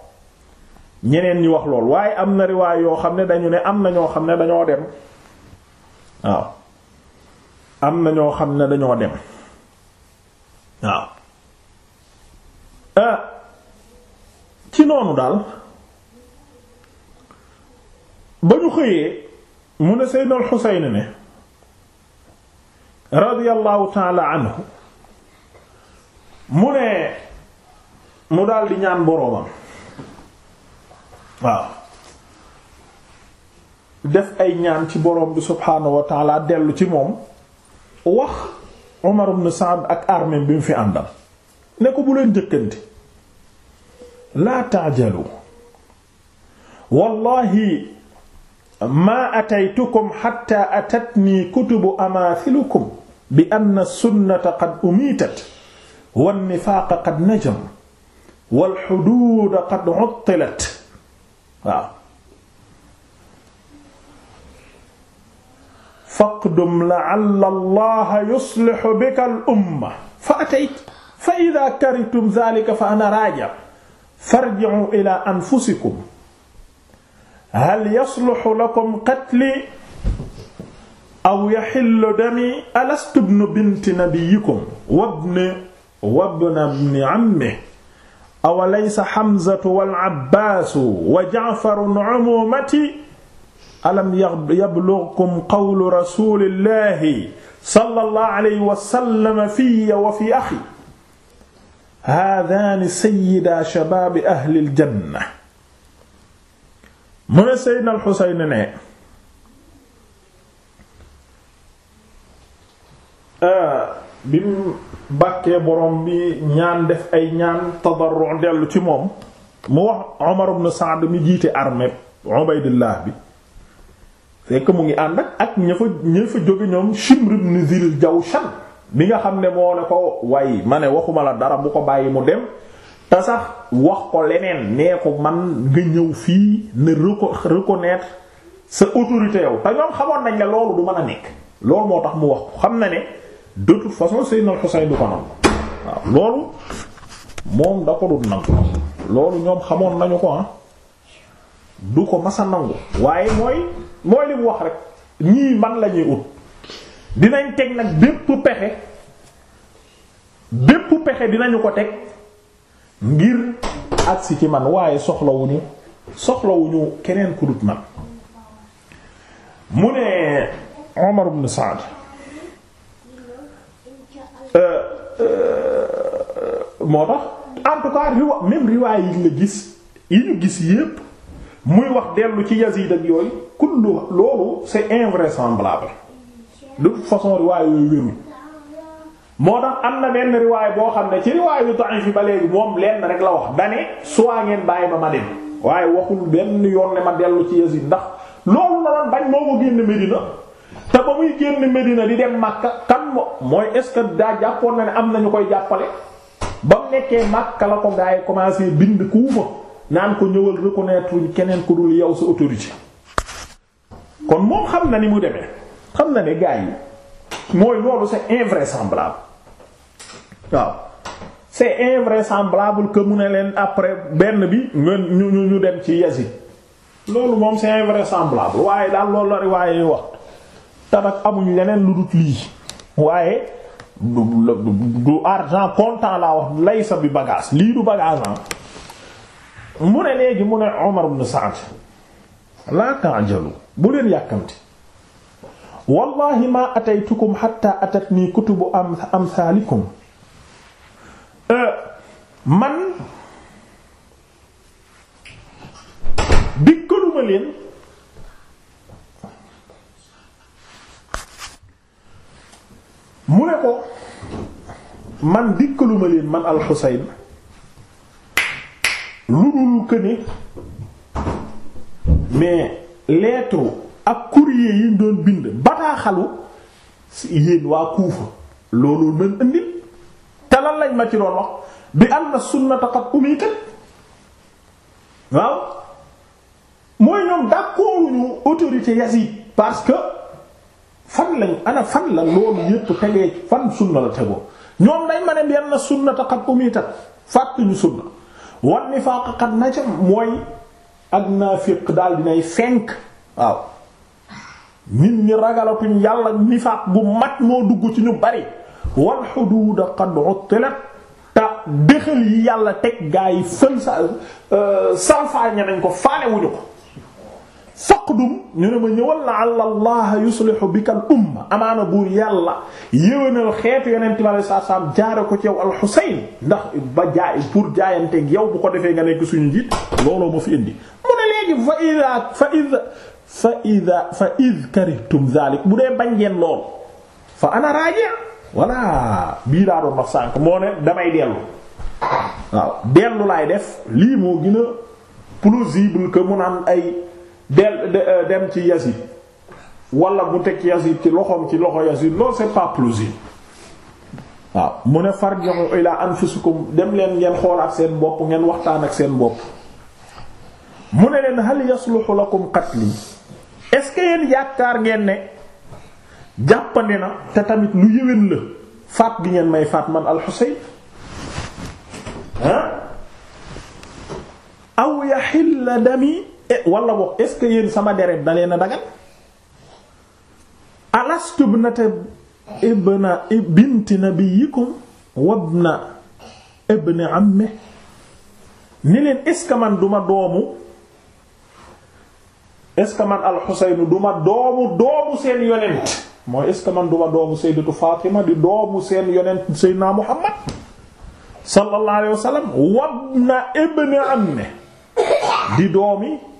ñeneen ñi wax lool waaye am na riwaay yoo xam ne dañu ne am na ñoo xam ne dañoo dem waaw am na ñoo xam ne dañoo dem waaw euh, ci noonu daal ba ñu xëyee mu ne Seydina al-Husayn ne radiyallahu ta'ala anhu mu ne mu daal di ñaan boroomam def ay ñaan ci borom bi subhaanahu dellu ci moom wax Umar ibn Sa'd ak armée bi mu fi àndal ne ko bu leen jëkkante laa ta'jalu wallahi maa ataytukum hatta atatni kutubu amaathilukum bi anna sunnata qad umitat wan nifaaqa qad najam wal huduuda qad uttilat waaw faqdum la'alla allaha yuslihu bika al umma fa atayt fa idha karitum dhalika fa ana raji' farji'u ila anfusikum hal yasluhu lakum qatli aw yahillu dami alastu ibnu binti nabiyyikum wa ibnu wa ibnu ibni ammihi awalaysa xamzatu wal abbaasu wa jaafaru umumati alam yablugkum qawlu rasulillahi sallallahu alayhi wa sallam fiya wa fi axi haadaani sayyidaa shabaabi ahlil janna mu ne Seydina al Xuseyn ne ah. bi mu bàkkee borom bi ñaan def ay ñaan tadarru dellu ci moom mu wax Omar ibn Saad mi jiite armée Ubaydillah bi fekk mu ngi ànd ak ak ña fa ña jóge ñoom Shimr ibn Zil Jawshan bi nga xam ne moo ne ko waaye ma ne waxuma la dara bu ko bàyyi mu dem te sax wax ko leneen nee ko man nga ñëw fii ne reconnaître sa autorité yow te ñoom xamoon nañ ne loolu du mën a nekk loolu moo tax mu wax ko xam na ne de toute façon Seydina al du ko nangu waaw loolu moom da ko dul nangu loolu ñoom xamoon nañu ko ah du ko masa nangu waaye mooy mooy li wax rek ñii man la ñuy ut dinañ teg nag bépp pexe bépp pexe dinañu ko teg ngir agsi ci man waaye soxlawuñu soxlawuñu keneen ku dut man mu ne Umar ibn Saad Euh, euh, moo tax en tout cas riwaay yi la gis yi ñu gis yépp muy wax dellu ci Yazid ak yooyu kullu loolu c'est invraisemblable de façon riwaay yooyu wérul moo tax am na benn riwaay boo xam ne ci riwaay yu ta'if ba léegi moom lenn rek la wax dane soit ngeen bàyyi ma ma dem waaye waxul benn yoon ne ma dellu ci Yazid ndax loolu la doon bañ moo ko génn Medina te ba muy génn Medina di dem Makka kan mo mooy est daa jàppoon na ne am na ñu koy jàppale ba mu nekkee Makka la ko gaa yi commencé bind kuuma naan ko ñëwal reconnaître keneen ku dul yow sa autorité. kon moom xam na ni mu demee xam na ne gaa yi mooy loolu c'est invraisemblable waaw c'est invraisemblable que mu ne leen après benn bi ñu ñu ñu dem ci Yazid loolu moom c'est invraisemblable waaye daal loolu la riwaaye yi wax. te nag amuñ leneen lu dut lii waaye du du argent comptant laa wax laysa bi bagage lii du bagage ah. mu ne léegi mu ne Umar ibn Sa'd laa ta'jalu bu leen yàkkamti wallahi ma ataytukum hatta atatni kutubu am amsaalikum euh, man dikkaluma leen mu ne ko man dikkaluma leen man alxuseyn lu dul que mais lettre ak courrier yi ñu doon bind bataaxalu yéen waa Kuufa loolu mën indil te lan lañ ma ci doon wax bi anna sunnata qad umitat waaw mooy ñoom d'accorduñu autorité Yazid parce que fan la loolu yépp tegee fan sunna la tegoo ñoom dañ ma ne benn sunnata qad umitat fàtt ñu sunna wan nifaaq qad najam mooy ak naafiq daal dinay fenk waaw nit ñi ragalatuñ yàlla nifaaq bu mat moo dugg ci ñu bari wal xuduuda qad uttilat te dëxal yi yàlla teg gaa yi fël sa euh, salfaañe nañ ko faale wuñu faqdum ñu ne ma ñëwal la allah yuslihu bika al umma amaana buur yàlla yéwénal xeetu yonent bi alei satu jaare ko ci yow alxusayn ndax ba jaay pour yow bu ko defee nga nekk suñu njiit looloo ma fi indi mu ne léegi fa ida fa ida fa ida fa id bu dee bañ ngeen lool fa ana raji voilà sànq moo ne damay dellu waaw dellu laay def lii moo gën a plausible que mu naan ay del euh, dem ci Yazid wala bu teg Yazid ci loxoom ci loxo Yazid loolu c'est pas plausible waaw mu ne farji'u ila anfusikum dem leen ngeen xoolaat seen bopp ngeen waxtaan ak seen bopp mu ne leen hal yasluhu lakum qatli est-ce que yéen yaakaar ngeen ne jàppandi na te tamit lu yëwén la faat gi ngeen may faat man al-Husayn ah dami Eh, wala boog est-ce que yéen sama deret a na dagan alastu ibnata ibna binti nabiyikum wabna ibni amme ni leen est-ce que man duma doomu est-ce que man duma doomu doomu seen yonent mooy est man duma doomu sayyidatu Fatima di doomu seen yonent sayyidina Muhammad sallallahu alayhi wa sallam wabna ibni amme di doomi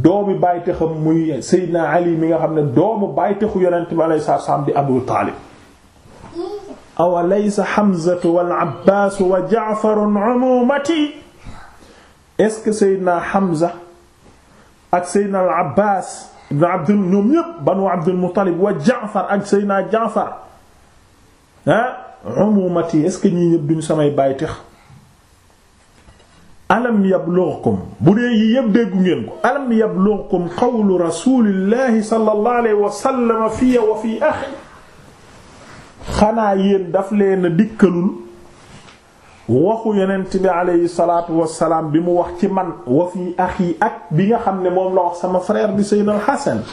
doomi bàytexam muy Seydina Ali mi nga xam ne doomu bàytexu yonent bi alayhi salaatu salaam di Abu Taalib awa laysa Hamzatu wal Abbaas wa Ja'farun umumati est-ce que Seydina Hamza ak Seydina al Abbaas ibn Abdul ñoom ñépp banu wa Ja'far ak Seydina Ja'far ah umumati est-ce que ñii samay bàytex alam yablughukum bu dee yi yëpp déggu ngeen ko alam yablughukum qawlu rasulillahi sallallahu alayhi wa fiya wa fi axi xanaa yéen daf leen a dikkalul waxu yonent bi alayhi salaatu wasalaam bi mu wax ci man wa fi axi ak bi nga xam ne moom la wax sama frère bi sayyid al Hasan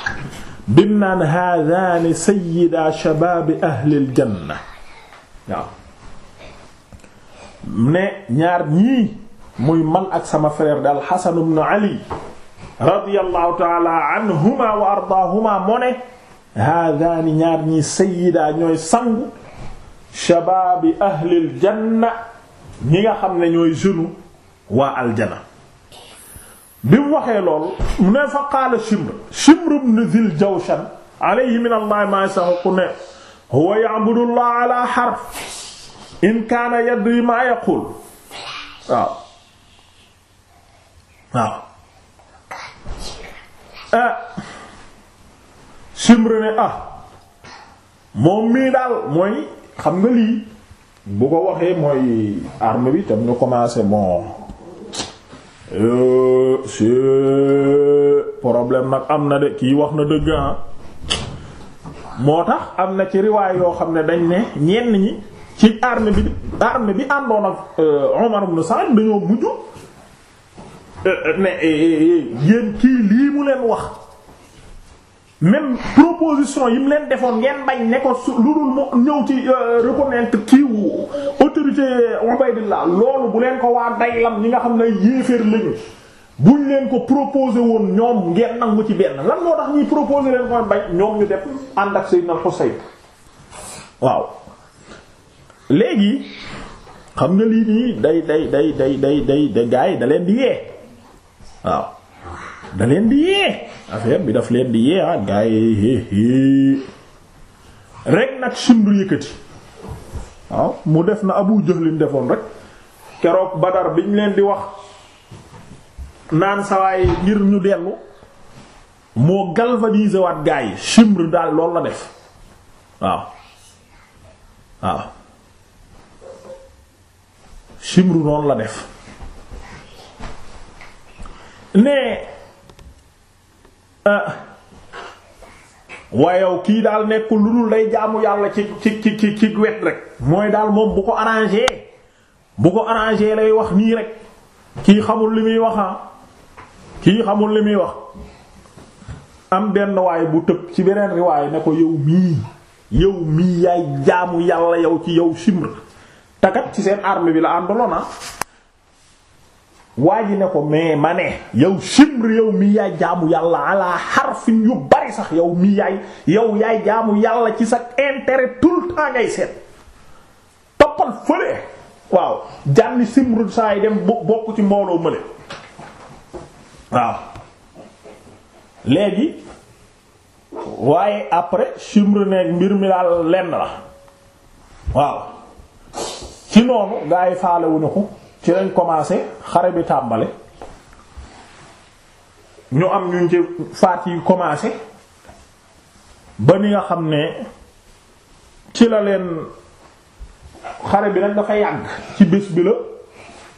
bim naan haadaani sayyida shabaabi ahlil janna waaw ne ñaar ñii muy man ak sama frère daal Hasan ibn Ali radiyallahu taala anhuma wa ardaahuma moo ne haadaani ñaar ñi sayida ñooy sangu shabaabi ahlil janna ñi nga xam ne ñooy jeune waa aljana bi mu waxee lool mu ne fa qaala Shimr Shimr ibn Dhil Jawshan alayhi min Allah ma yasahqu ne huwa ya'budu Allah ala harf in kaana yadri ma yaqul waaw waaw ah Simr ne ah moom mii daal mooy xam nga lii bu ko waxee mooy arme bi tam ñu commencé bon euh, si problème nag am na de kii wax na dëgg ah moo tax am na ci riwaay yoo xam ne dañ ne ñenn ñi ci arme bi arme bi àndoon ak Umar euh, ibn Sa'd dañoo mujj Euh, euh, mais yéen kii lii mu leen wax même proposition yi mu leen defoon ngeen bañ ne ko su lu dul mu ñëw ci euh, reconnaître kii wu autorité Ubaydillah loolu bu leen ko waa daylam ñi nga xam ne yéeféer lañu buñ leen ko proposé woon ñoom ngeen nangu ci benn lan moo tax ñuy proposé leen ko bañ ñoom ñu def ànd ak Sayyidna Husayn waaw léegi xam nga lii nii day day day day day day day gaay da leen di yee waaw da leen di yee affaire bi daf leen di yee ah gaa yi rek nag sundur yëkkati waaw mu def na Abu Jahlin defoon rek keroog Badar biñ leen di wax naan sawaay ngir ñu dellu moo galvaniser waat gaa yi Shimr daal lool la def waaw waaw Shimr noonu la def ne euh, wayow kii daal nekkul lu dul day jaamu yàlla ci ci ci ci wet rek mooy daal moom bu ko arrangé bu ko arrangé lay wax nii rek kii xamul li muy waxa ah. kii xamul li muy wax am benn waay bu tëb ci beneen riwaay ne ko yow mii yow mii yaay jaamu yàlla yow ci yow simr takat ci seen arme bi la àndaloon ah. waa ji ne ko mais ma ne yow Shimr yow mi yaay jaamu yàlla ala harfin yu bari sax yow mi yaay yow yaay jaamu yàlla ci sa intérêt tout le temps ngay seet toppal fële waaw jànni Shimr saa yi dem bokk ci mbooloo mëne waaw léegi waaye après Shimr ne mbir mi daal lenn la waaw ci noonu gaa faalewu na ko ci lañ commencé xare bi tàmbale ñu am ñu ci faat yi commencé ba ni nga xam ne ci la leen xare bi nag dafa yàgg ci bés bi la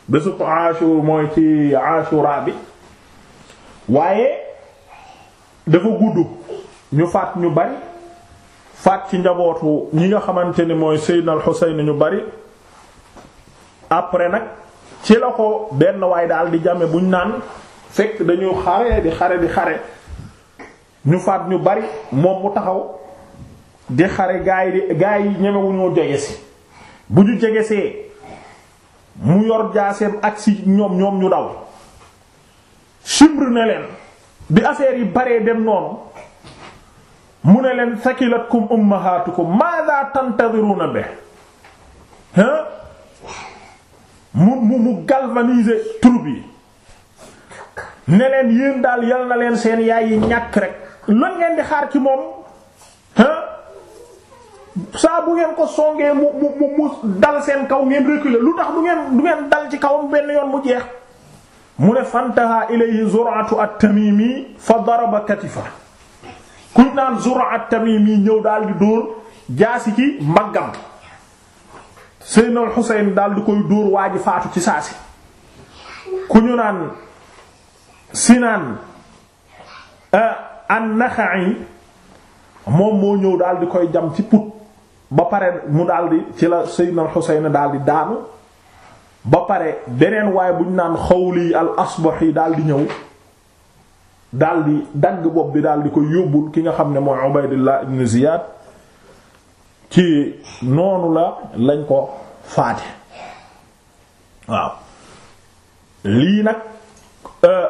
bésu ko Ashura mooy ci Ashura bi waaye dafa gudd ñu faat ñu bari faat ci njabootu ñi nga xamante ni mooy Seydina Al Xuseyn ñu bari après nag ci la benn waay daal di jame buñ naan fekk dañuy xare di xare di xare ñu faat ñu bari moom mu taxaw di xare gaay di gaay yi ñemewuñoo jege si bu ñu jegesee mu yor jaaseem ak si ñoom ñoom ñu daw simbre ne leen bi affaire yi baree dem noonu mu ne leen sakilatkum ummahatukum madha tantaziruna be hein mu mu mu galvaniser troupe yi ne leen yéen daal yal na leen seen yaay yi ñàkk rek lan ngeen di xaar ci moom saa bu ngeen ko songee mu mu mu dal seen kaw ngeen reculer lu tax du ngeen du ngeen dal ci kawam benn yoon mu jeex mu ne fantaha ilayhi zur'atu at-tamimi fa daraba katifa kuñ naan zur'a at-tamimi ñëw daal di dóor jaasi ci mbaggam Seydina Xuseyn daal di koy dóor waa ji faatu ci saasi ku ñu naan Sinaan ah, an-Naxa'i moom moo ñëw daal di koy jam ci put ba pare mu daldi di ci la Seydina Xuseyn daal di daanu ba pare beneen waaye bu ñu naan Xawli al-Asbahi daal di ñëw daal di dagg bopp bi daal di koy yóbbul ki nga xam ne mooy Ubaydullah ibn Ziyad ci noonu la lañ ko faate waaw lii nag euh,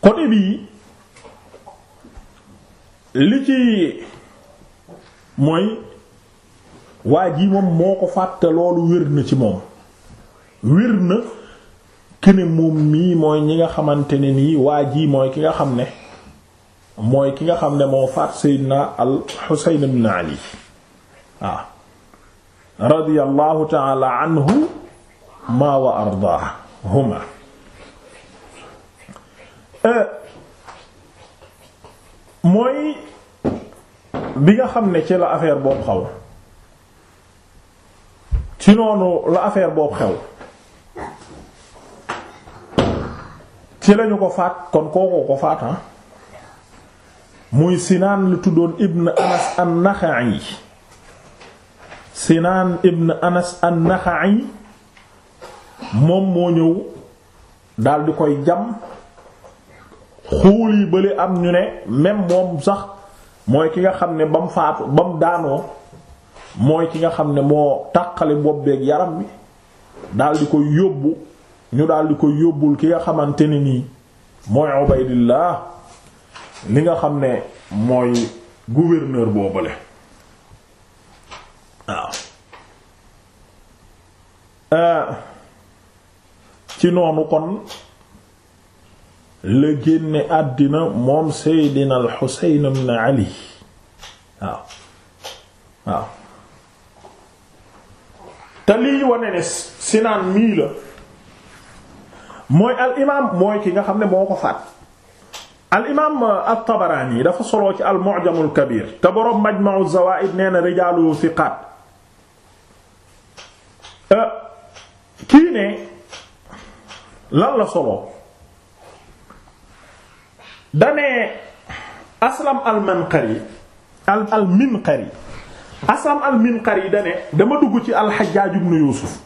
côté bii li ci mooy waa ji moom moo ko fàtte loolu wér na ci moom wér na kene moom mii mooy ñi nga xamante ne nii waa ji mooy ki nga xam ne mooy ki nga xam ne moo faat seydina al xuseyn ibn ali waaw ah. radiyallahu taala anhu ma wa ardaahuma eh. mooy bi nga xam ne ci la affaire boobu xaw ci noonu la affaire boobu xew ci lañu ko faat kon kookoo ko faat ah. muy sinaan la tuddoon ibn anas an-Naxa'i sinaan ibn anas an-Naxa'i moom moo ñëw dal di koy jam xuul yi bale am ñu ne même moom sax mooy ki nga xam ne ba mu faatu ba mu daanoo mooy ki nga xam ne moo tàqale bopp beek yaram bi dal di koy yóbbu ñu dal di koy yóbbul ki nga xamante ni nii mooy Ubaydillah li nga xam ne mooy gouverneur boobale waaw euh, ci noonu kon la génne àddina moom Seydina al Xuseyn Ali waaw waaw te lii wane ne Sinaan mii la mooy al mooy ki nga xam ne moo ko faat al imaam euh, at-Tabaraani dafa soloo ci al-Mu'jam al-Kabir te boroom Majma'u az-Zawaa'id nee na rijaaluhu thiqaat euh, kii ne lan la soloo danee Aslam al-Manqari al al-Minqari Aslam al-Minqari dane dama dugg ci al-Hajjaaj Yuusuf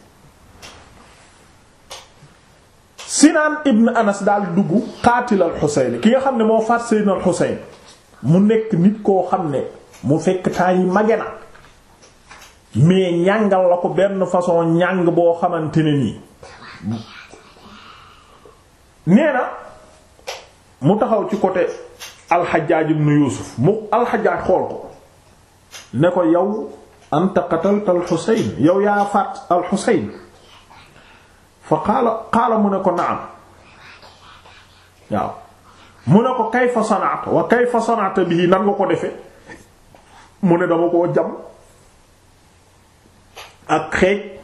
Sinaan ibn Anas daal dugg xaatil al ki nga xam ne moo faat Seydina al Xuseyn mu nekk nit koo xam ne mu fekk temps yi mage na mais ñàngal la ko benn façon ñàng boo xamante ne nii nee na mu taxaw ci côté alxajaaj ibn Yuusuf mu alxajaaj xool ko ne ko yow anta qatalta al yow yaa faat al fa qaala qaala mu ne ko am waaw mu ne ko kayfa sana'ta wa kayfa sana'ta bihi nan nga ko defe mu ne dama koo jam ak xeej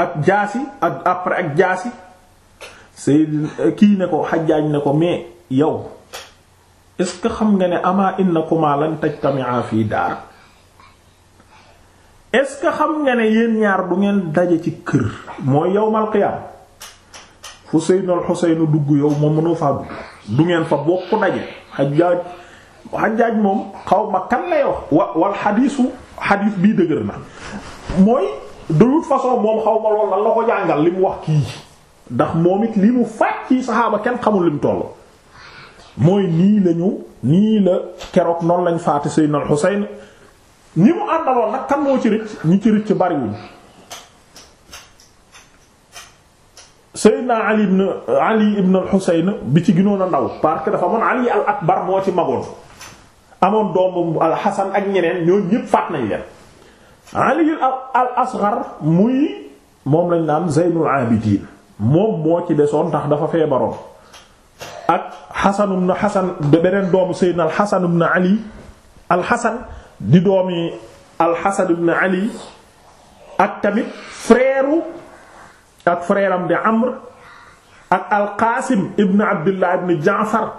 ak jaasi ak après ak jaasi say kii ne ko xajaaj ne ko mais yow est-ce que xam nga ne ama innakuma lan tajtami'a fii daar est-ce que xam nga ne yéen ñaar du ngeen daje ci kër mooy yawmal qiyaam fu Seydina Al-Husayn dugg yow moom mënoo faa dugg du ngeen fa bokk daje Hajjaaj Hajjaaj moom xaw ma kan lay wax wa wal xadiisu xadiis bii dëgër na mooy de toute façon moom xaw ma lool lan la ko jàngal li mu wax kii ndax moom it li mu fàcc ci saxaaba kenn xamul lim toll mooy nii lañu nii la keroog noonu lañ faate Seydina al ñi mu àndaloon nag kan moo ci rëcc ñi ci rëcc bariwuñ Seydina Ali ibn Ali ibn al bi ci ginoon a ndaw parce que dafa amoon Ali al-Akbar moo ci magoon amoon doomu al ak ñeneen ñoo ñëpp faat nañ leen Ali al-Asghar muy moom lañ naan Zeynul Abidin moom moo ci desoon tax dafa feebaroon ak Hasan ibn Hasan beneen doomu Seydina al-Hasan ibn Ali al di doomi alxasan ibn ali ak tamit frère ak frère di amr ak alqaasim ibn abdullah ibn jaafar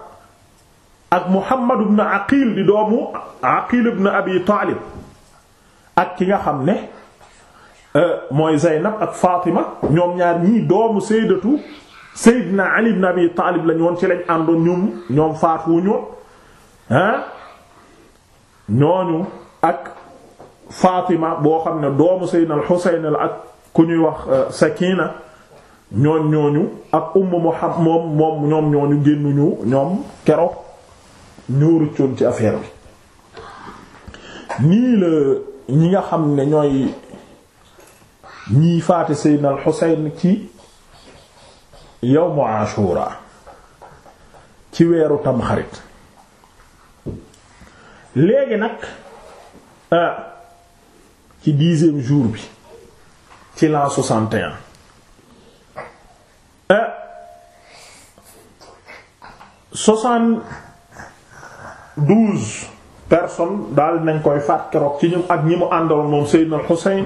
ak muhammad ibn aqil di doomu aqil ibn abi taalib ak ki nga xam ne euh, mooy zeynab ak fatima ñoom ñaar ñii doomu sayyidatu sayyidina ali ibn abi taalib lañu ci lañ àndoon ñoom ñoom faatuwuñu ah ñooñu ak Fatima boo xam ne doomu Seydina al Xuseyn la ak ku ñuy wax euh, Sakina ñooñ ñooñu ak umm Muhammad moom moom ñoom ñooñu génnuñu ñoom keroog ñu rëccoon ci affaire bi nii la ñi nga xam ne ñooy ñii faate Seydina al Xuseyn ci yawmu Ashura ci weeru Tamxarit léegi nag euh, ci dixième jour bi ci l'an soixante et un euh, daal nañ koy faat keroog ci ñu ak ñi mu àndaloon moom Seydina Hussein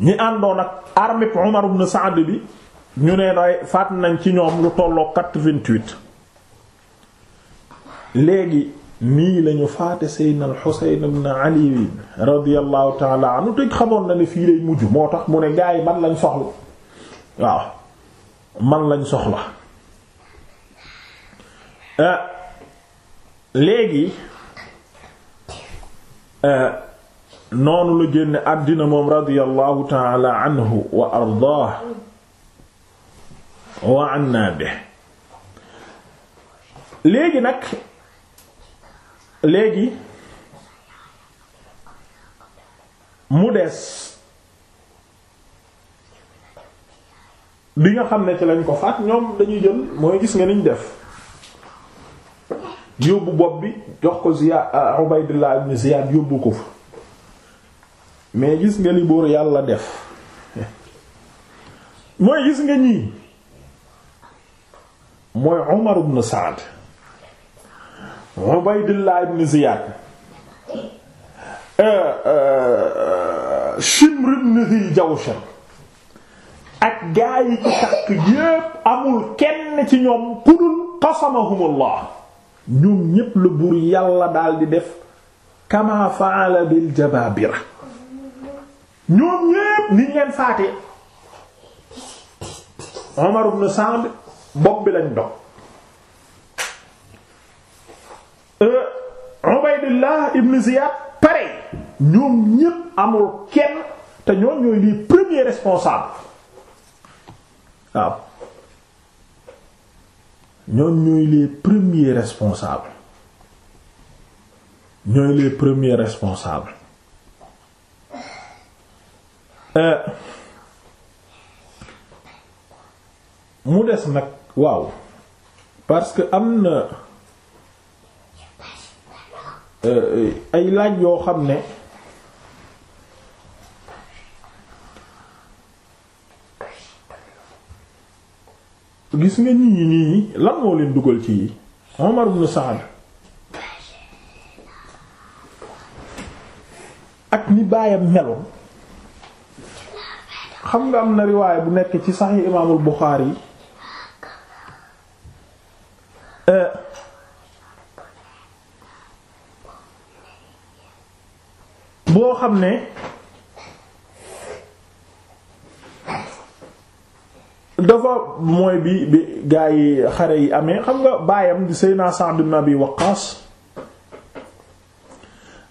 ñi àndoon ak armée Umar ibn Saad bi ñu ne nooy faat nañ ci ñoom lu tolloo quatre-vingt-huit léegi nii lañu faate seydna al xuseyn ibn ali radiallahu taala anu tëj xamoon na ne fii lay mujj moo tax mu ne gaa man lañ soxla waaw lañ soxla euh, léegi euh, noonu la génne àddina moom radiallahu taala anhu wa ardaah wa anna bi léegi nag léegi mu des bi nga xam ne ci lañ ko faat ñoom dañuy jël mooy gis nga niñ def yóbbu bopp bi jox ko Ziyaad ah, Ubaydullah ibn Ziyaad yóbbu ko fa mais gis nga li yàlla def mooy gis nga ñii mooy Umar ibn Saad Ubaydullah ibn Ziyad euh, euh, Shimr ibn ak gaa yi ci takk yépp amul kenn ci ñoom ku dul qasamahumullah ñoom ñépp la buur yàlla daal def kama fa'ala bil jabaabira ñoom ñépp niñ leen faate Umar ibn Sa'd bopp bi lañ Euh, Ubaydullah ibn Ziyad pareil ñoom ñépp amul kenn te ñoom ñooy les premiers responsables waaw ñoom ñooy les premiers responsables ñooy les premiers responsables euh, mu des nag waaw parce que am na Euh, ay laaj yoo xam ne gis nga ñi ñi nii lan moo leen dugal ci yi Omar ibn Saad ak ni baayam meloon xam nga am na riwaaya bu nekk ci Sahih Imaamul Bukhari mooy bi bi gaa yi xare yi amee xam nga baayam di Seydina Sa'd bi Abi Waqqas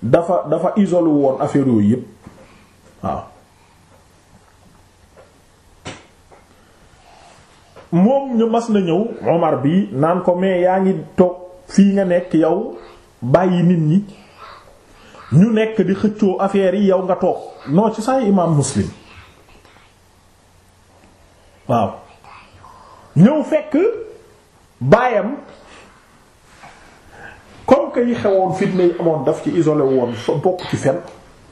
dafa dafa isolé woon affaire yooyu yëpp waaw moom ñu mas na ñëw Omar bi naan ko mais yaa ngi toog fii nga nekk yow bàyyi nit ñi ñu nekk di xëccoo affaire yi yow nga toog non ci say imaam Muslim waaw ñëw fekk baayam comme que yi xewoon fitna yi amoon daf ci isolé woon fa bokk ci fen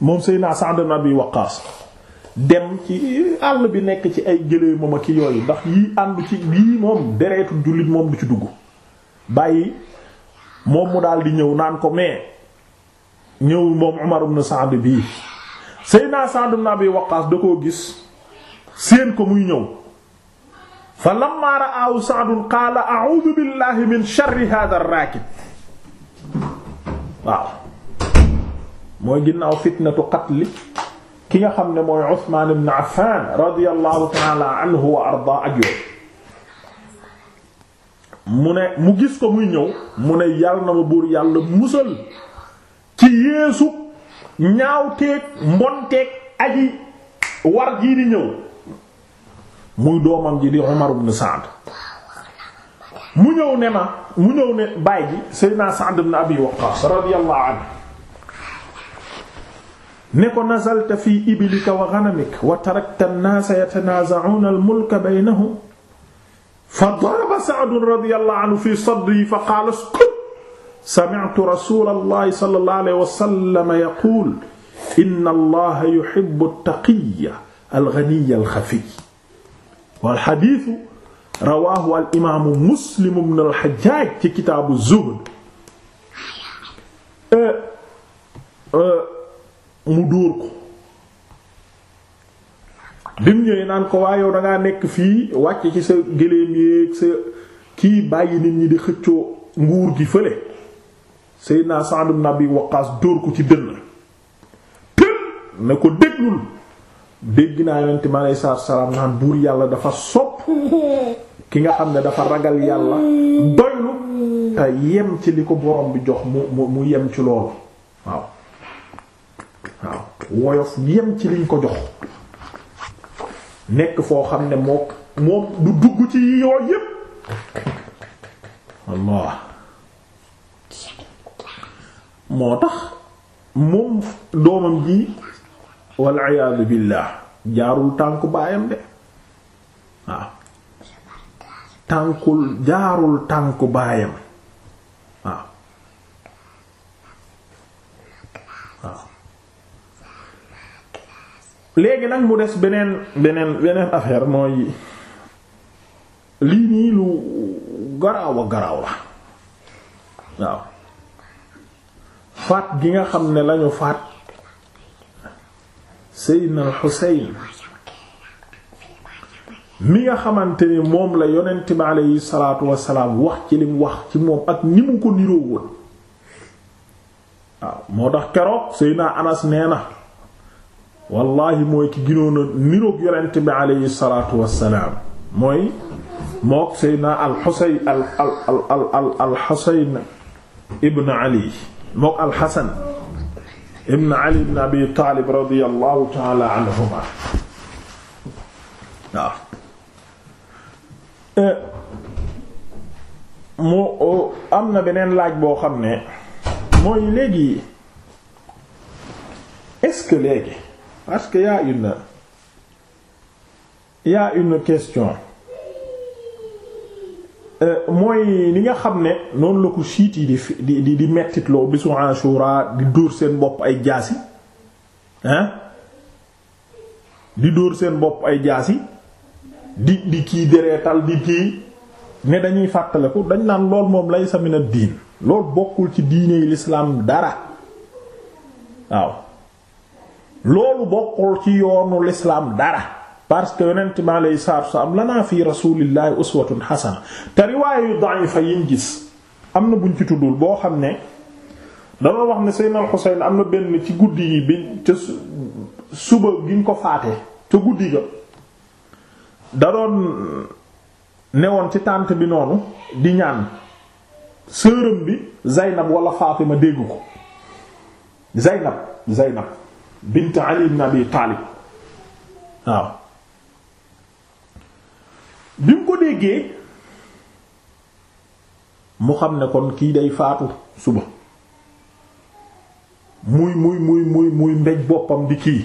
moom Seydina Sa'd ibn bi Waqqas dem ci àll bi nekk ci ay gëlee moom ak yooyu ndax yii àndu ci yii moom dereetu jullit moom du ci dugg bàyyi moom mu daal di ñëw naan ko mais ñëw moom Umar ibn Sa'd bii Seydina Sa'd ibn Abi Waqqas da koo gis séen ko muy ñëw fa lamma ra'aahu Sa'd qaala a'uudu billahi min sharri haadha ar-raakib waaw mooy ginnaaw fitnatu qatli ki nga xam ne mooy Usmaan ibn Affaan radiyallahu ta'ala anhu wa ardaa ak mu ne mu gis ko muy ñëw mu ne yàlla na ma buur yàlla musal ci yeesu ñaawteeg mbonteeg aji war jii di ñëw muy doomam ji di Umar ibn Sa'd mu ñëw ne ma mu ñëw ne baay ji Seydina Sa'd ibn Abi Waqqas radiyallahu anhu ne ko nazalta fi iblika wa ghanamik wa tarakta an-naasa yatanaaza'uuna al-mulka baynahum fa daraba Sa'd radiyallahu anhu fi sadri fa qaala uskut sami'tu rasuulallahi sallallahu alayhi wa sallam yaquulu inna allaha yuhibbu at-taqiyya al-ghaniyya al-xafiyya wal xadiisu rawaahu al muslim ibn al ci kitaabu zuhd eh, eh, mu dóor ko bi ñëwee naan ko waaye yow dangaa nekk fii wàcc ci sa géléem yéeg sa kii bàyyi nit ñi di xëccoo nguur gi fële Seydina Sa'd ibn Abi dóor ko ci dënn na ko déglul dégg naa yonent mi aleyhi salaatu naan buur yàlla dafa sopp ki nga xam ne dafa ragal yàlla doylu te yem ci li ko borom bi jox mu mu mu yem ci loolu waaw woyof yem ci liñ ko jox nekk foo xam ne moo moom du dugg ci yoo yépp moo tax moom doomam ji wal iyaadu billaah jaarul tànku baayam de waaw tànkul jaarul tànku baayam waaw waaw léegi nag mu des beneen beneen beneen affaire mooy lii nii lu garaaw garaaw la waaw faat gi nga xam ne lañu faat Seydina al mi nga xamante ni moom la yonent bi aleyhi salaatu wasalaam wax ci lim wax ci moom ak ni mu ko niroo woon waaw moo tax keroog Seydina Anas nee na wallaahi mooy ki ginoon a niroog yonent bi aleyhi salaatu wasalaam mooy mook Seydina al-Xuseyn ibn Ali mook al ibn ali ibn abi taalib radiyallahu taala anhuma waaw eh, mu am na beneen laaj boo xam ne mooy léegi est-ce que léegi parce que y a une y une question Euh, mooy li nga xam ne noonu la ko siit yi di di di mettitloo bisu Ashura di dóor seen bopp ay jaasi hein di dóor seen bopp ay jaasi di di kii dereetal di kii ne dañuy fàttaliku dañ naan lool moom lay samina diin lool bokkul ci diine l'islam dara waaw loolu bokkul ci yoonu l'islam dara parce que yonent mi alayhi salaatu wassalaam lanaa fi rasulillahi uswatun hasana te riwaaya yu da'ifa yiñ gis am na buñ ci tuddul boo xam ne da wax ne Seydina al am na benn ci guddi yi bi ca suba gi ñu ko faatee ca guddi ga da doon newoon ci tànt bi noonu di ñaan sërëm bi Zaynab wala ma dégg ko Zaynab Zaynab bint Ali ibn Abi waaw bi mu ko déggee mu xam ne kon kii day faatu suba muy muy muy muy muy mbej boppam di kii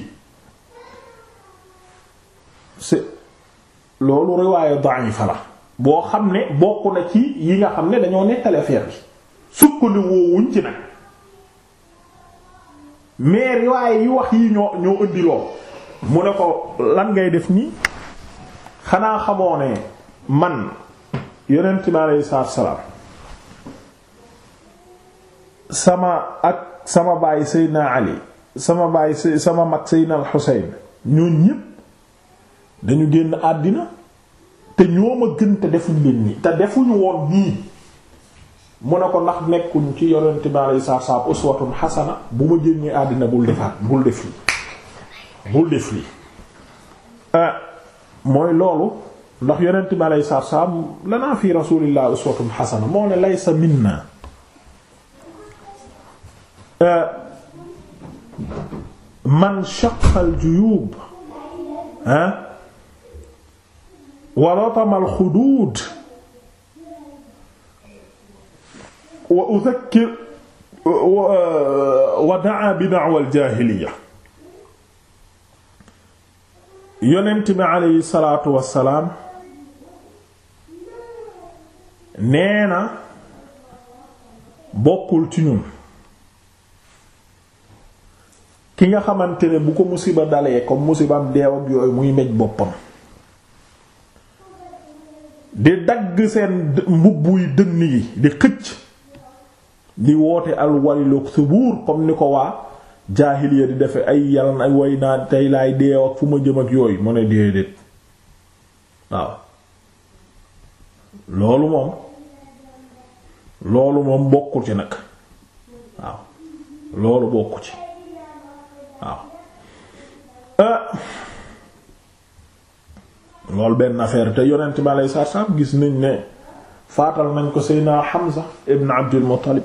c'est loolu riwaayu da'ifa la boo xam ne bokk na ci yi nga xam ne dañoo nettali affaire bi sukkandikoo wuñ ci nag mais riwaaye yi wax yi ñoo ñoo indi lool mu ne ko lan ngay def nii xanaa xamoo ne man yonent mi aleyhi salaatu salaam sama ak sama baay Seydina Ali sama baay sama mag Seydina al Xuseyn ñooñ ñépp dañu génn àddina te ñoo ma gën te defuñ leen nii te defuñu woon nii mu ne ko ndax nekkuñ ci yonent mi aleyhi salaatu salaam uswatun xasana bu ma génnee àddina bul defaat bul def lii bul def lii euh, mooy loolu ndax yonent bi aleyhi salaatu salaam lanaa fi rasuulillahi uswatun hasana moo ne laysa minna eh, man shaqqa al-juyuub eh, wa latama al-xuduud wa udhakkir wa eh, da'a bi da'wa al-jaahiliyya yonent bi aleyhi salaatu wassalaam nee na bokkul ci ñun ki nga xamante ne bu ko musiba dalee comme musibam deew ak yooyu muy mej boppam di dagg seen mbubbuy dënn yi di xëcc di woote alwaliluk subuur comme ni ko waa jaahiliya di defe ay yal na way naa tey laay deew ak fu ma jëm ak yooyu mu ne déedéet waaw loolu moom loolu moom bokku ci nag waaw loolu bokku ci waaw ah. loolu benn affaire te yonent bi aleyhi salaatu salaam gis nañ ne faatal nañ ko Seydina Hamza ibn Abdul Muttalib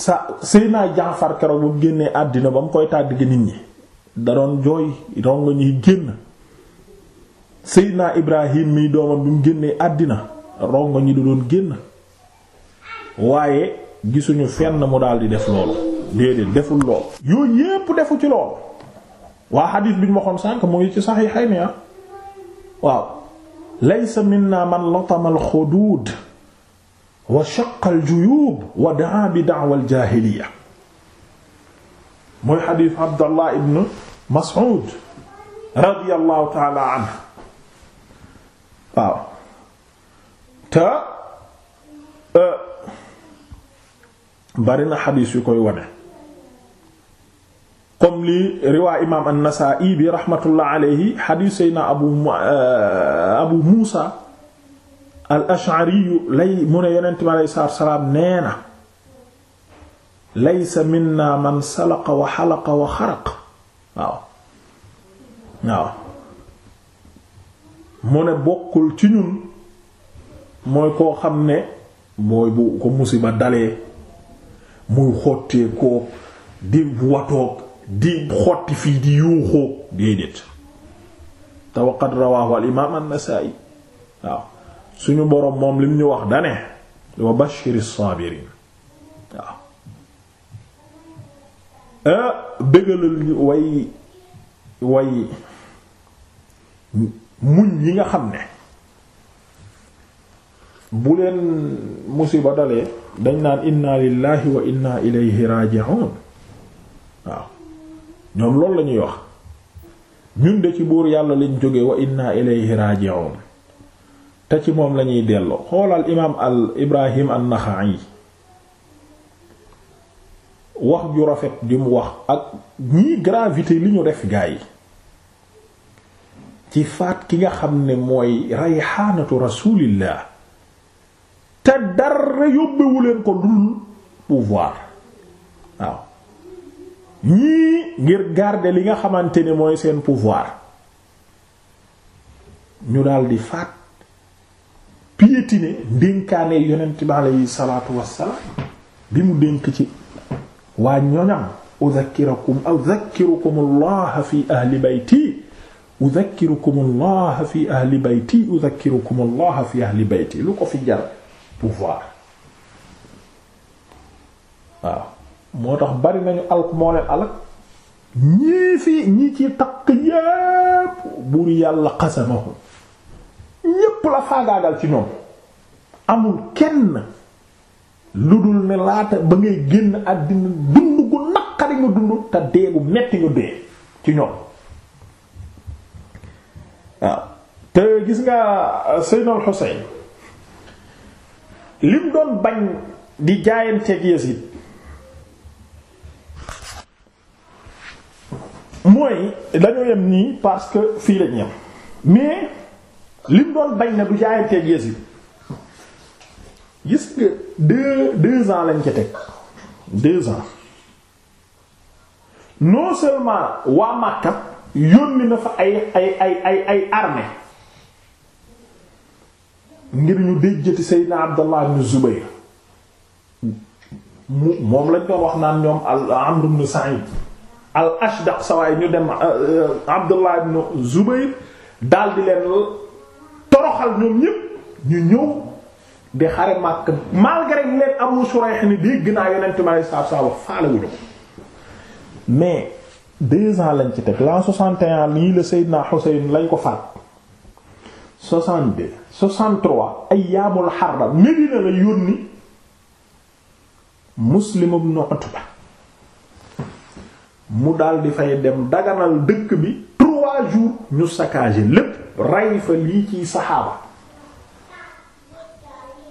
sa Seydina Jaafar keroog ba mu génnee àddina ba mu koy tàgg nit ñi da doon jooy rongo ñuy génn Seydina Ibrahim mi doomam bi mu génnee àddina rongo ñi du doon génn waaye gisuñu fenn mu daal def loolu déedéet deful lool yooyu yépp defu ci loolu waa xadiis bi ñu waxoon sànk mu ngi ci saxiixayni ah. waaw laysa minna man latama xuduud wa shaqal juyub wa daa bi da'wal jaahiliya mooy xadiis Abdallah ibn Mas'ud radiyallahu ta'ala anhu waaw te e, bari na xadiis yu koy wane comme li riwaa imaam an-Nasaa'i bi rahmatullah alayhi xadiis Seydina Abu e, Abu Muusa al ashariyu lay mu ne yonent bi aleyhi salaatu salaam nee na laysa minna man salaqa wa xalaqa wa xaraq waaw waaw mu ne bokkul ci ñun mooy koo xam ne mooy bu ko musiba dalee muy xottee koo di watoog di xotti fii di yuuxoo déedéet te waqad rawaahu al imaam waaw suñu boroom moom lim ñu wax dane wa bashiri saabiriin waaw bëggalal way way muñ yi nga xam ne bu leen musiba dalee dañ naan inna lillahi wa inna ilayhi raji'un waaw ñoom loolu la ñuy wax ñun de ci buur yàlla lañ jóge wa inna ilayhi raji'un te ci moom lañuy delloo xoolal imaam al ibrahim an yi wax ju rafet ju mu wax ak ñii gravité li ñu def gaa yi ci faat ki nga xam ne mooy rayxaanatu rasulillah te dara yóbbewu leen ko dul pouvoir waaw ñii ngir garder li nga xamante ne mooy seen pouvoir ñu daldi faat piétiner dénkaane yonent bi aleyhi salaatu wassalaam bi mu dénk ci waa ñoñam udhakkirakum udhakkirukum allah fi ahli bayti udhakkirukum allah fi ahli bayti lu ko fi jar pouvoir waaw moo tax bari nañu alk moo leen alak ñii fi ñi ci takk yépp buur yàlla xasamahum ñépp ci ñoom amul kenn lu dul ne laata ba ngay génn àddina dund gu naqari nga dund te dee gu metti nga dee ci ñoom waaw te gis nga euh, Seydina al lim doon bañ di jaayanteeg Yazid mooy dañoo yem nii parce que fii lañ yem mais lim doon bañ na du jaayanteeg Yazid gis nga deux deux ans lañ ca teg deux ans non seulement waa Makka yónni na fa ay ay ay ay ay armée ngir ñu déjjati Seydina Abdallah ibn Zubayr moom lañ doon wax naan ñoom al Amr ibn Sa'id al Ashdaq sawaay ñu dem euh, Abdallah ibn Zubayr daal di leen. toroxal ñoom ñépp ñu ñëw di xare Makka malgré leen Abu Surayh ni dégg naa yonent mi alayhi salaatu salaam faalewuñu ko mais deux ans lañ ci teg l'an 61 nii la Seydina Hussein lañ ko faat 62 63 ayyaamul harra Medina la yónni Muslim ibn Utba mu dal di fay dem daganal dëkk bi trois jours ñu saccager lépp rey fa lii ciy saxaaba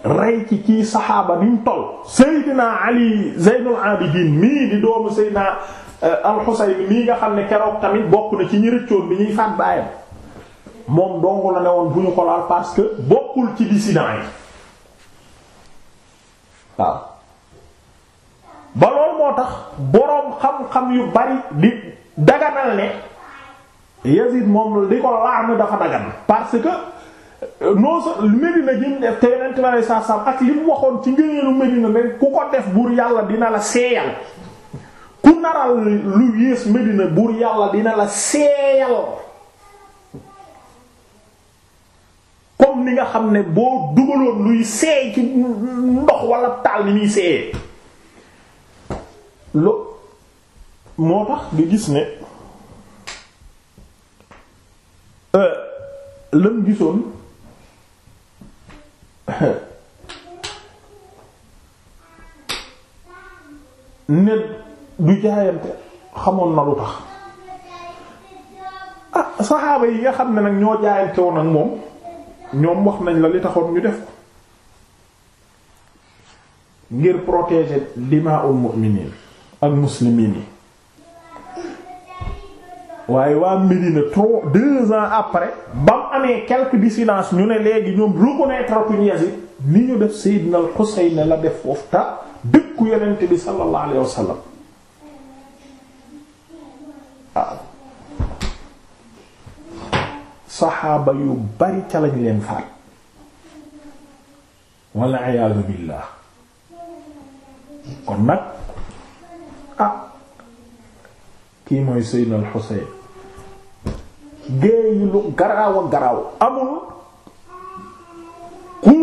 rey ci kii saxaaba ni mu toll Seydina Ali Zeynul Abidin mii di doomu Seydina euh, Al-Husayn nga xam ne keroog tamit bokk na ci ñi rëccoon bi ñuy faat baayam moom dong la ne woon bu ñu ko parce que bokkul ci dissident yi waaw ba loolu moo tax boroom xam-xam yu bari di daganal ne Yazid moom li ko laanu dafa dagan parce que euh, non sa Medina gi def te Yonent bi alayhi ak li waxoon ci ngëneelu Medina ne ku ko def buur yàlla dina la seeyal ku naral lu yées Medina buur yàlla dina la seeyal comme ni nga xam ne boo dugaloon luy seey ci ndox wala taal ni muy seeyee lo moo tax nga gis ne. Euh, lam gisoon ne du jaayante xamoon na lu tax ah saxaaba yi nga xam ne nag ñoo jaayante woon ak moom ñoom wax nañ la li taxoon ñu def ko ngir protéger dimaa'ul mu'miniin ak muslimiin yi waaye waa Médina trop deux ans après ba mu amee quelques dissidences ñu ne léegi ñoom reconnaître kuñ yi ni ñu def Sayyidna al la def foofu ta dëkku yonent bi sallallahu alayhi wasallam waaw ah. saxaaba yu bari ca lañ leen faat walla iyaadu billaah kon nag ah kii mooy Sayyidna al dee yi lu garaaw ak garaaw amul ku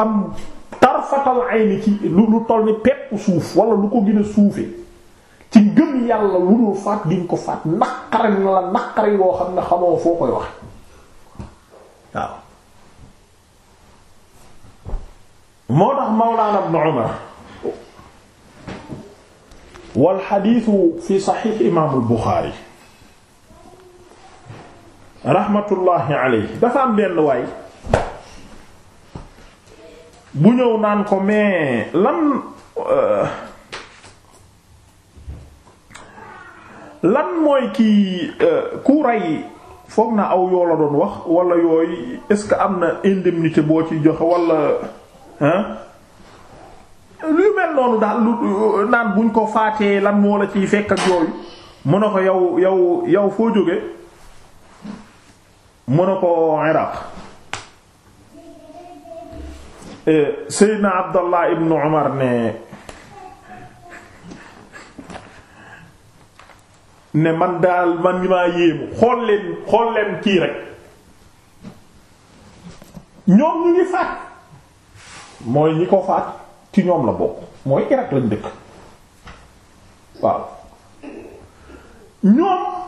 am tarfatal ayni lu toll ni pepp suuf wala lu ko gën a ci ngëm yàlla lu dul faat diñ ko faat naqare la naqare yoo xam ne xamoo foo koy wax moo tax mawlaana ibn Umar wal xadiisu fi saxiix imaamul Buxaari rahmatullahi alayhi dafa am benn waay bu ñëw naan ko mais lan euh, lan mooy kii euh, ku rey foog na aw yoo la doon wax wala yooyu est-ce que am na indemnité boo ci joxe walla hein lu mel noonu daal lu naan buñ ko faatee lan moo la ciy fekk ak yooyu mu ne ko yow yow yow foo jóge mu ne ko iraq eh, seydna abdallah ibnu umar ne ne man daal man ngi maa yéemu xool leen xool leen kii rek ñoom ñu ngi faat mooy ñi ko faat ci ñoom la bokk mooy iraq lañ dëkk waaw ñoom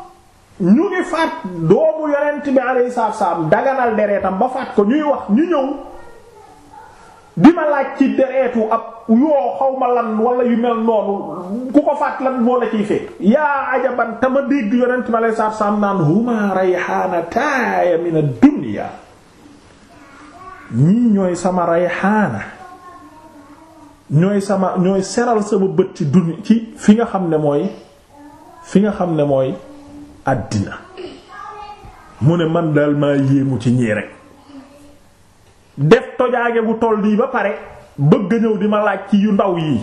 ñu ngi faat doomu yonent bi alayhi salaam daganal dereetam ba faat ko ñuy wax ñu ñëw di ma laaj ci dereetu ab yoo xaw ma lan wala yu mel noonu ku ko faat lan moo la ciy fekk yaa ajaban tama dégg yonent bi alayhi salaam naan huma rayhaanataaya min ad-dunya ñii ñooy sama rayhaana ñooy sama ñooy seral sama bët ci duni ci fi nga xam ne mooy fi nga xam ne mooy àddina mu ne man daal maa yéemu ci ñii rek def tojaage bu toll nii ba pare bëgg ñëw di ma laaj ci yu ndaw yii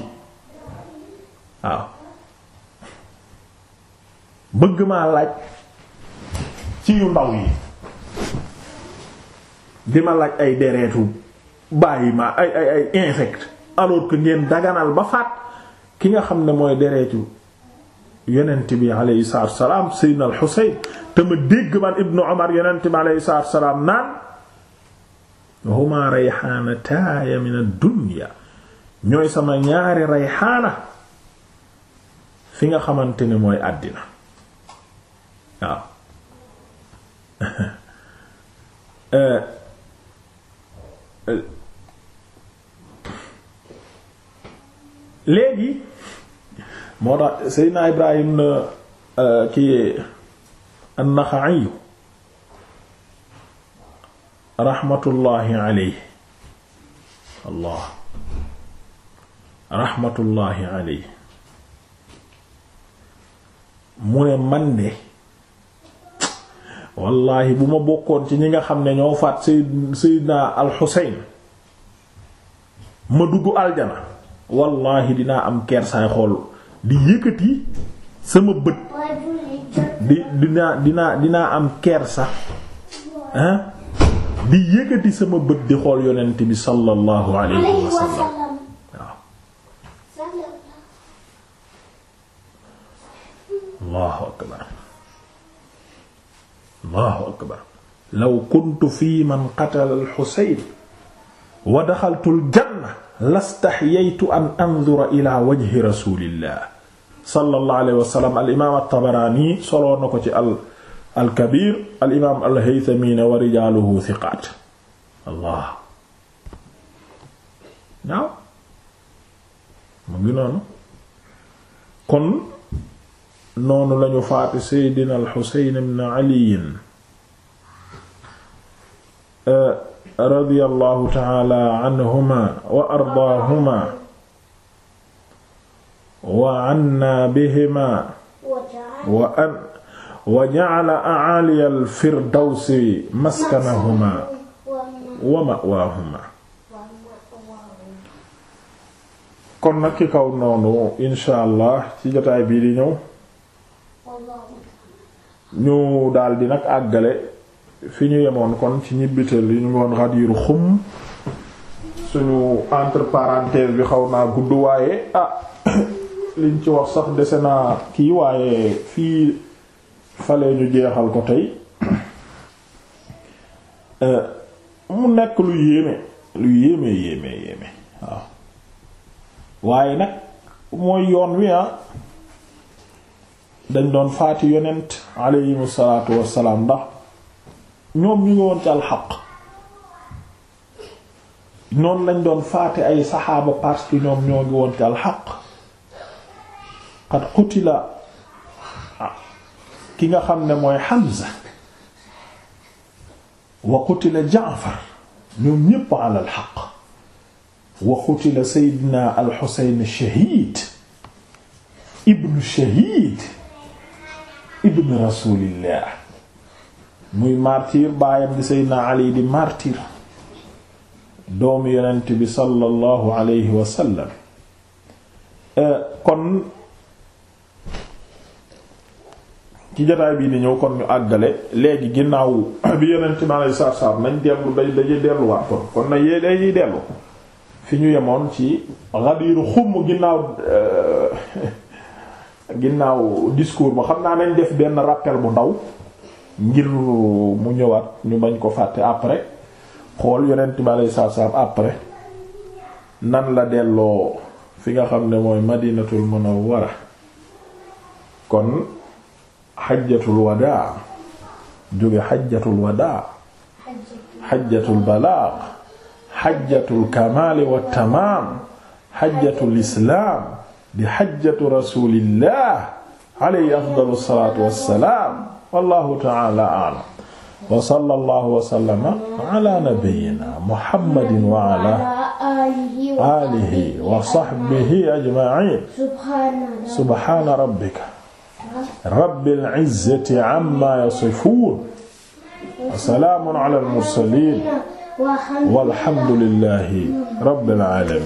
waaw maa laaj ci ndaw yi bi ma laaj ay dereetu bàyyi ma ay ay ay insectes alors ngeen daganal ba faat ki nga xam ne mooy dereetu yonent bi alayhi salaatu wa salaam Seydina al-Husayn te ma dégg man Ibnu Umar yonent bi alayhi salaatu wa salaam naan huma rayhaanataaya min ad-dunya ñooy sama ñaari rayhaana fi nga xamante ne mooy àddina eh, eh, léegi moo tax Seydina Ibrahim na euh, ki an-Naxa'i raxmatullahi alayhi Allah raxmatullahi alayhi mu ne man de wallahi bu ma bokkoon ci ñi nga xam ne ñoo faat Seyd Seydina al-Xuseyn ma dugg aljana wallahi dinaa am kersaay xool di yëkkati sama bët di dinaa dinaa dinaa am kersa ah di yëkkati sama bët di xool yonent bi sallallahu alayhi wa sallam waaw allahu akbar allahu akbar law fi man qatala al-Husayn wa daxaltu al-janna lastahyaytu an anzura ila wajhi rasulillah sallallahu alayhi wa sallam al imaam at-Tabaraani soloo na ko ci al al Kabir al imaam al Haythami wa rijaaluhu thiqaat allah waaw mu ngi noonu kon noonu lañu faati Seydina al Husayn ibn Ali radiyallahu ta'ala anhuma wa ardaahuma wa anna bihimaa wa an wa ja'ala a'aaliya al-firdawsi maskanahumaa wa ma'waahumaa kon nag ki kaw noonu insha ci jotaay bii di ñëw ñu daldi nag àggale fi ñu yemoon kon ci ñibbital yi ñu woon Ghadir Khoum suñu entre bi xaw naa gudd waaye ah, liñ ci wax sax dese naa kii waaye fii fale ñu jeexal ko tey eh, mu nekk lu yéeme lu yéeme yéeme yéeme waaw waaye nag mooy yoon wi ah dañ doon faati yonent aleyhimu salaatu wassalaam ndax ñoom ñu ngi woon ci alxaq noonu lañ doon faati ay saxaaba parce que ñoom ñoo ngi woon ci alxaq qad qutila ki nga xam ne mooy Hamza wa qutila Jaafar ñoom ñépp ala al haqq wa qutila Seydina al Xuseyn shahiid ibnu shahiid ibnu rasulillah muy martyr baayam di Seydina Ali di martyr doomu yonent bi sallallahu alayhi wa sallam eh, kon ci jotaay bii di ñëw kon ñu àggale léegi ginnaaw bi yeneen ci maanaam saaf saaf nañ dellu dañ dañuy delluwaat kon kon na yee dañuy dellu fi ñu yemoon ci Ghadir xum ginnaaw euh, ginnaaw diskuur ba xam naa nañ def benn rappel bu ndaw ngir mu ñëwaat ñu bañ ko fàtte après xool yeneen ci maanaam saaf saaf après nan la delloo fi nga xam ne mooy Madinatul Munawwara kon. xajjatul wadaa jóge xajjatul wadaa xajjatul balaag xajjatul kamaali wa tamaam xajjatul islaam di xajjatu rasulillah alayhi afdalu salaatu wa salaam wallaahu ta'aala a'lam wa sallallaahu wa sallama ala nabiyyina muhammadin wa ala aalihi wa sahbihi ajma'iin subhaana rabbika rabbil izzati amma yasifuun wasalaamun ala al mursaliin walhamdulillahi rabbil aalamiin